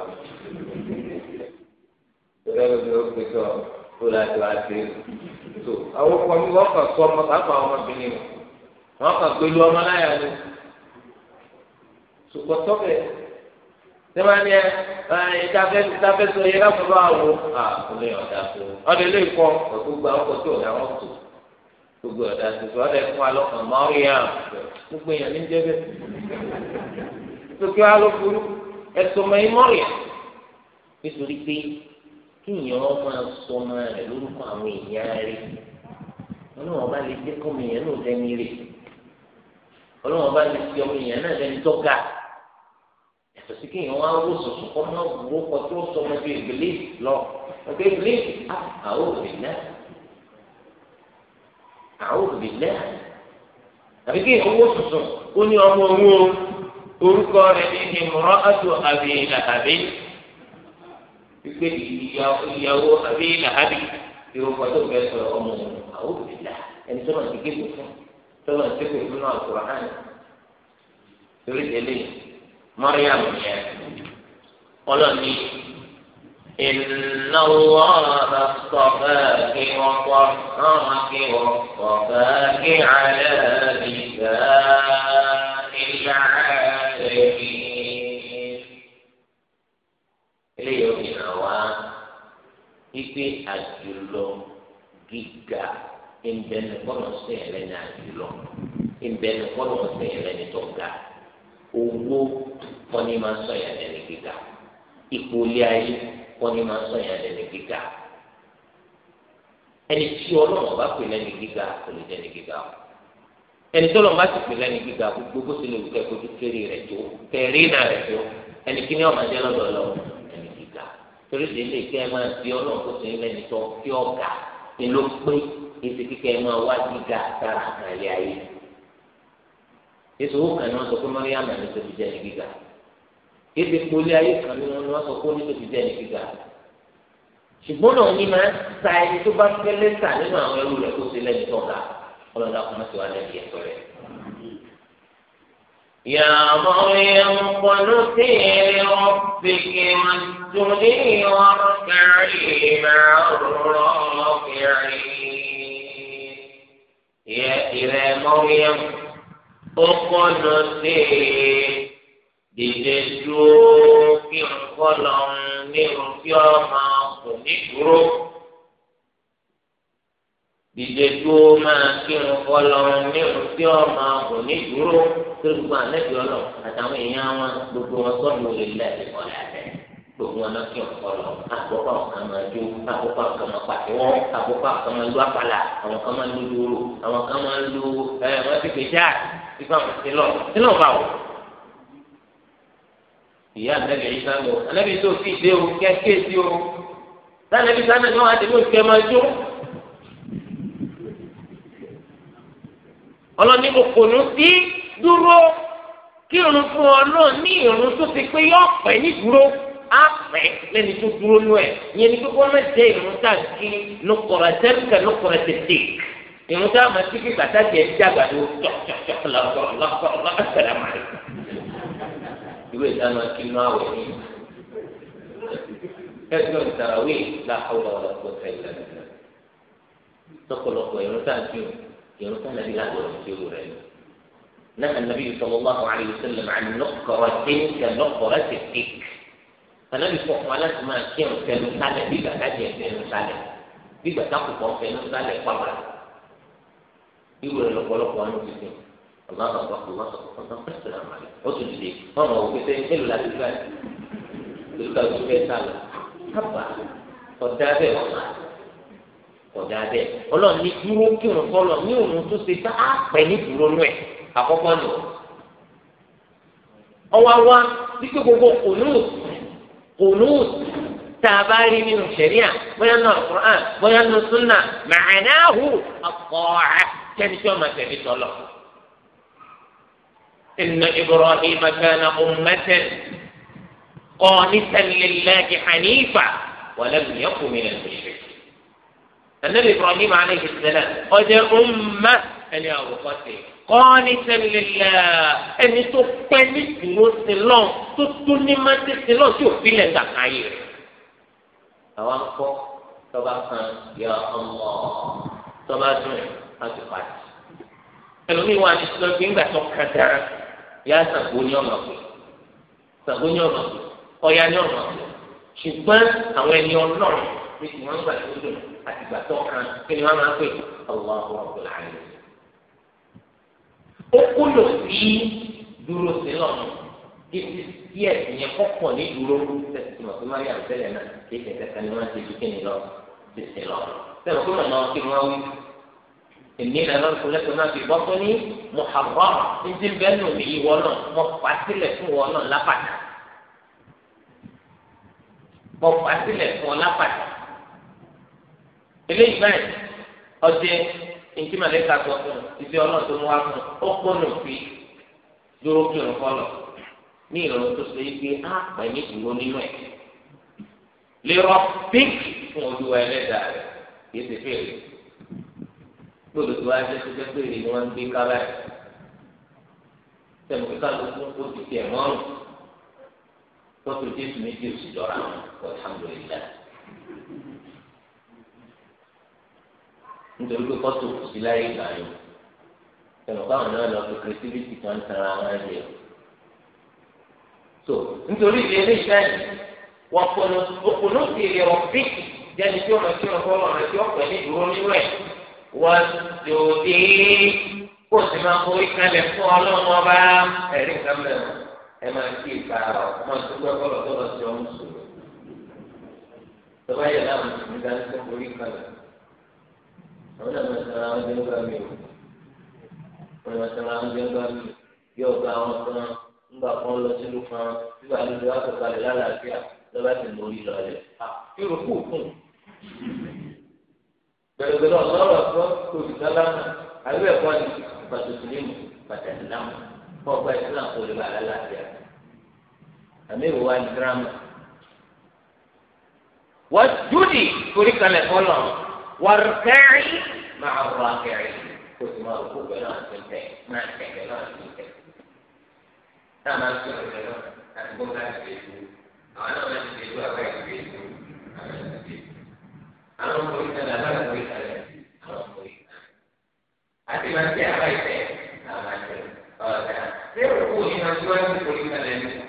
ìrẹ́ mi ló pè sọ kó láti wá sí i. àwọn ọkọ mi wọ́n kàn sọ ọmọ pàápàá ọmọbìnrin wọn kàn pẹ̀lú ọmọ láyà ni ṣùgbọ́n tọ́kẹ̀ sẹ́wọ́nì ẹ ìtafẹ́ sọ yẹ láti bá wò á ọ̀lẹ́ ọ̀dà tó ọ̀dẹ lè kọ́ ọ̀tún gba ọkọ̀ tó ọ̀dà wọn tó gbogbo ọ̀dà tó tó ọ̀dẹ fún wa lọ́kàn mọ́ríyà gbogbo èèyàn ní jẹ́ bẹ́ẹ̀ tókè wa ló burú ẹ̀sọ́ mọ́ ẹ mọ́ríyà nítorí pé kí èèyàn máa sọ ọmọ rẹ̀ lórúkọ àwọn èèyàn rẹ̀ wọn náà wọn bá lè dé kọ́mìyàn náà dẹ́ni rẹ̀ ọlọ́wọ́n bá lè fi ọmọ èèyàn náà lẹ́ni tó ga yàtọ̀ sí kéèyàn wá wó sọ̀tún kọ́ mọ́ wó kọ́ tó sọ ọmọ bíi ìgbélé lọ ọgbẹ́ ìgbélé àwọn òbí náà àwọn òbí náà àbí kéèyàn wó sọ̀tún ó ní ọmọ owó orúkọ rẹ ní ìmọ̀ràn àjọ àbí làhàbí wípé ìyàwó àbí làhàbí ìrọ̀pọ̀ tó fẹ́ sọ ọmọ òbí náà ẹni tó náà ti gé tọ́lọ̀ ń tẹ́kọ̀ọ́ ìlú náà kúrò hàn torí délé mọ́ríyàm yẹn ọlọ́ni ìnáwó ọ̀rọ̀ sọ̀fẹ́ kí wọ́n kọ́ ọ̀rọ̀ kí wọ́n kọ́ bẹ́ẹ̀ kí ààrẹ ìgbà ìgbà rẹ̀ kí. eléyìí ó fi wá ipe àjùlọ gíga ìbẹ̀nu kọ́nà sí ẹlẹ́ni àjùlọ ìbẹ̀nu kọ́nà sí ẹlẹ́ni tó ga owó kọ́ni máa sọ yà lẹ́ni gíga ipò ilé ayé kọ́ni máa sọ yà lẹ́ni gíga ẹni tí ọlọ́run bá pè lẹ́ni gíga kò lè dẹ́ni gíga o ẹni tó lọ́run bá sì pè lẹ́ni gíga gbogbo bó ti lè wù kẹ́kọ̀ọ́ tó kéré rẹ̀ tó tẹ̀rí náà rẹ̀ tó ẹni kí ni ọmọdé lọ́dọ̀ lọ ẹni gíga torí délé kẹ́ ẹ máa di ọlọ́run kó sì ń lẹ́ni tó kí ọ̀gá ni ló pé èsì kíkẹ́ máa wá gíga sára kan ilé ayé èsì owó kan ni wọ́n sọ pé mọ́ríyàmù ní tó fi jẹ́ ní gíga èsì poli ayé kan ni wọ́n sọ pé ní tó fi jẹ́ ní gíga ṣùgbọ́n náà ní máa ta ẹni tó bá fẹ́ lẹ́tà nínú àwọn ẹrú rẹ̀ tó ṣe lẹ́yìn tó ga ọlọ́dà kọ́mọ́ sí wa lẹ́yìn ẹ̀tọ́ rẹ̀. يا مريم قنتي لربك واسجدي واركعي مع الراكعين يا إلى مريم أقنت دجدوك القلم نرجع ما صنعه dìde dúró máa kírun fọlọ́run ní òsì ọmọ ọkùnrin ní dúró tó gbogbo àlejò ọlọ àtàwọn èèyàn wọn gbogbo wọn sọ̀rọ̀ lè lẹ́ẹ̀dẹ́gbọ̀n lẹ́ẹ̀dẹ́ gbogbo wọn lọkì ọpọlọ àkókò àwọn kan máa jó àkókò àwọn kan máa pàtẹ́wọ́ àkókò àwọn kan máa lu apàlà àwọn kan máa lu dúró àwọn kan máa lu ẹ wọn ti gbèjà ìfọ àwọn sílọ sílọ bá wò. ìyá ànábì yìí sá lọ ànábì tó fi ìdè o kẹkẹ sí o sànábì sànábì wọn àti mí kẹ máa jó. ọlọ́ni kò kò ní sí dúró kí irun fún ọ náà ní irun tó ti pé yọ ọ̀pẹ ní dúró. apẹ lẹni tó dúró nù ẹ yẹn ni pé wọn máa jẹ ìrún tá à ń kí lókọrọ tẹríkà lókọrọ tètè ìrún tá a máa kí kíkà tá a jẹ ẹjẹ àgbàdo tọkítọkítọ lọkọrọ lọkọrọ assalamu alaikum ìwé ìdáná kí nù àwẹ ní ẹgbẹ ìtàràwé la hawla wala quwwata illa billah lọkọlọkọ ìrún tá à ń kí ìrún tá a nàbí láti ọ̀rọ̀ ìṣirò rẹ ni. نهى النبي صلى الله عليه وسلم عن نقرة كنقرة التيك ànábì fọ fún aláǹtí máa kí ẹ̀rù fẹnu sálẹ̀ bí gbàgbá jẹ fẹnu sálẹ̀ bí gbàgbá kò kọ́ fẹnu sálẹ̀ pàmò ìwé rẹ̀ lọ́pọ̀lọpọ̀ ọ̀nà tuntun ọ̀gá bàbá ọ̀gá ọ̀gá pẹ̀sìlẹ̀ àmàlẹ̀ ó tún dìde ọ̀nà òkúté nílùú láti fẹ́ lóríkà ojú fẹ́ sálọ kábà ọ̀dà bẹ́ẹ̀ ọ̀gá ọ̀dà bẹ́ẹ̀ ọlọ́run ní dúró kí òun fọlọ ní òun tó ṣe tá a pẹ̀ ní dúró nú ẹ̀ àkọ́kọ́ nù ọwọ́ wa wípé gbogbo òun قنوت تاباري من الشريعة وين القرآن وين السنة معناه الطاعة كان شو ما تبيت الله إن إبراهيم كان أمة قانتا لله حنيفا ولم يكن من المشركين النبي إبراهيم عليه السلام قد أمة أن أوقاته kọ́ni sẹ́lẹ̀lẹ̀ ẹni tó pẹ́ ní dúró sí lọ́n tó tún ní mẹ́tẹ́ sí lọ́n tí òfin lẹ̀ gbà ká yẹ. àwa ń kọ́ tọ́ba kan yọ ọmọ tọ́ba dùn láti pàdé. ẹlòmíín wa ni sọ pé ńgbà tó kàn dára yá sàgbó ní ọmọ pé sàgbó ní ọmọ pé ọ̀ya ní ọmọ pé ṣùgbọ́n àwọn ẹni ọlọ́run ní ìwọ̀n gbà tó dùn àtìgbà tó kàn kí ni wọ́n máa pè ó kúlò sí dúró sí lọ́nà títí tí ẹ̀sìn yẹn kọ́kọ́ ní dúró tẹ̀sí mọ̀ pé má yà sẹ́lẹ̀ náà kí kẹ̀kẹ́ kan ní wọ́n ti fi kíni lọ sí sí lọ. sẹ́nu kúlò náà kí wọ́n wí èmi náà lọ́nà kúlẹ̀ tó náà fi bọ́ fún ní muhammed ní ti bẹ́ẹ̀ nù náà mo fà sílẹ̀ fún wọn náà lápàtà mo fà sílẹ̀ fún ọ lápàtà eléyìí ntí màlẹ́kà sọ fún un títí ọlọ́run tó mú wá fún un ó pọ́nù fi dúró kírun kọ́lọ̀ ní ìrọ̀rùn tó ṣe é pé á pẹ̀ ní ìwọ nínú ẹ̀ lè rọ pínkì fún olúwa ẹlẹ́dàá rẹ̀ kì í ṣe fèrè gbọ́dọ̀ tó wáyé tó jẹ́ pé èrè ni wọ́n ń gbé ká báyìí tẹ̀mọ̀ kíkà ló fún ó ti mọ́rùn tó tó jésù méjì òsì dọ́ra wọn alhamdulilayi. nítorí pé kọ́tù kù sí láyé ìgbà yẹn ẹnu káwọn náà lọ fi kìrìsìbìtì kan ń tan ara wọn jẹ so nítorí ìdí ilé iṣẹ́ wọn kọnu òkùnú sí ilé wọn bíkì jẹni tí ó máa tí wọn fọwọ́ ọ̀rọ̀ tí wọn ní ìdúró nínú ẹ̀ wọ́n ti dé kó sì máa kó ìkàlẹ̀ fún ọlọ́run ọba ẹ̀rí nǹkan mẹ́rin ẹ máa kí ìpara ọ̀ tó gbọ́ bọ́lọ̀ tó lọ sí ọmọ sùn tó bá yẹ láwọn ìdílé àwọn náà máa tẹ̀ra wọn gbẹ́ngbà mi o wọn máa tẹ̀ra wọn gbẹ́ngbà mi bí ọ̀gá wọn kan ńgbà kan lọ sílùú kan nígbà níbi wàá tó kalẹ̀ lálàáfíà lọ́ba ti lórí lọ́lẹ̀ irú kù fún gbẹ̀rẹ̀gbẹ̀rẹ̀ ọ̀sọ́rọ̀ ọ̀sọ́ tóbi sálámà àbí ẹ̀kọ́ ni pàtó sílẹ̀mù pàtàkì náà kọ́ ọgbà ìsìlámù kò lè bá lálàáfíà àmì ìwà ní gírámà wọ́n dúdì torí kalẹ̀ fọ́lọ́run. واركعي مع الراكعين كنت ما ركوع بلان تنتهي ما تنتهي بلان تنتهي أنا أذكر بلان أقول لك أنا ما تجيبوا أبغى تجيبوا أنا أقول لك أنا أقول لك أنا أقول لك أتي ما تجيبوا أبغى تجيبوا أنا ما تجيبوا أنا ما تجيبوا أنا ما تجيبوا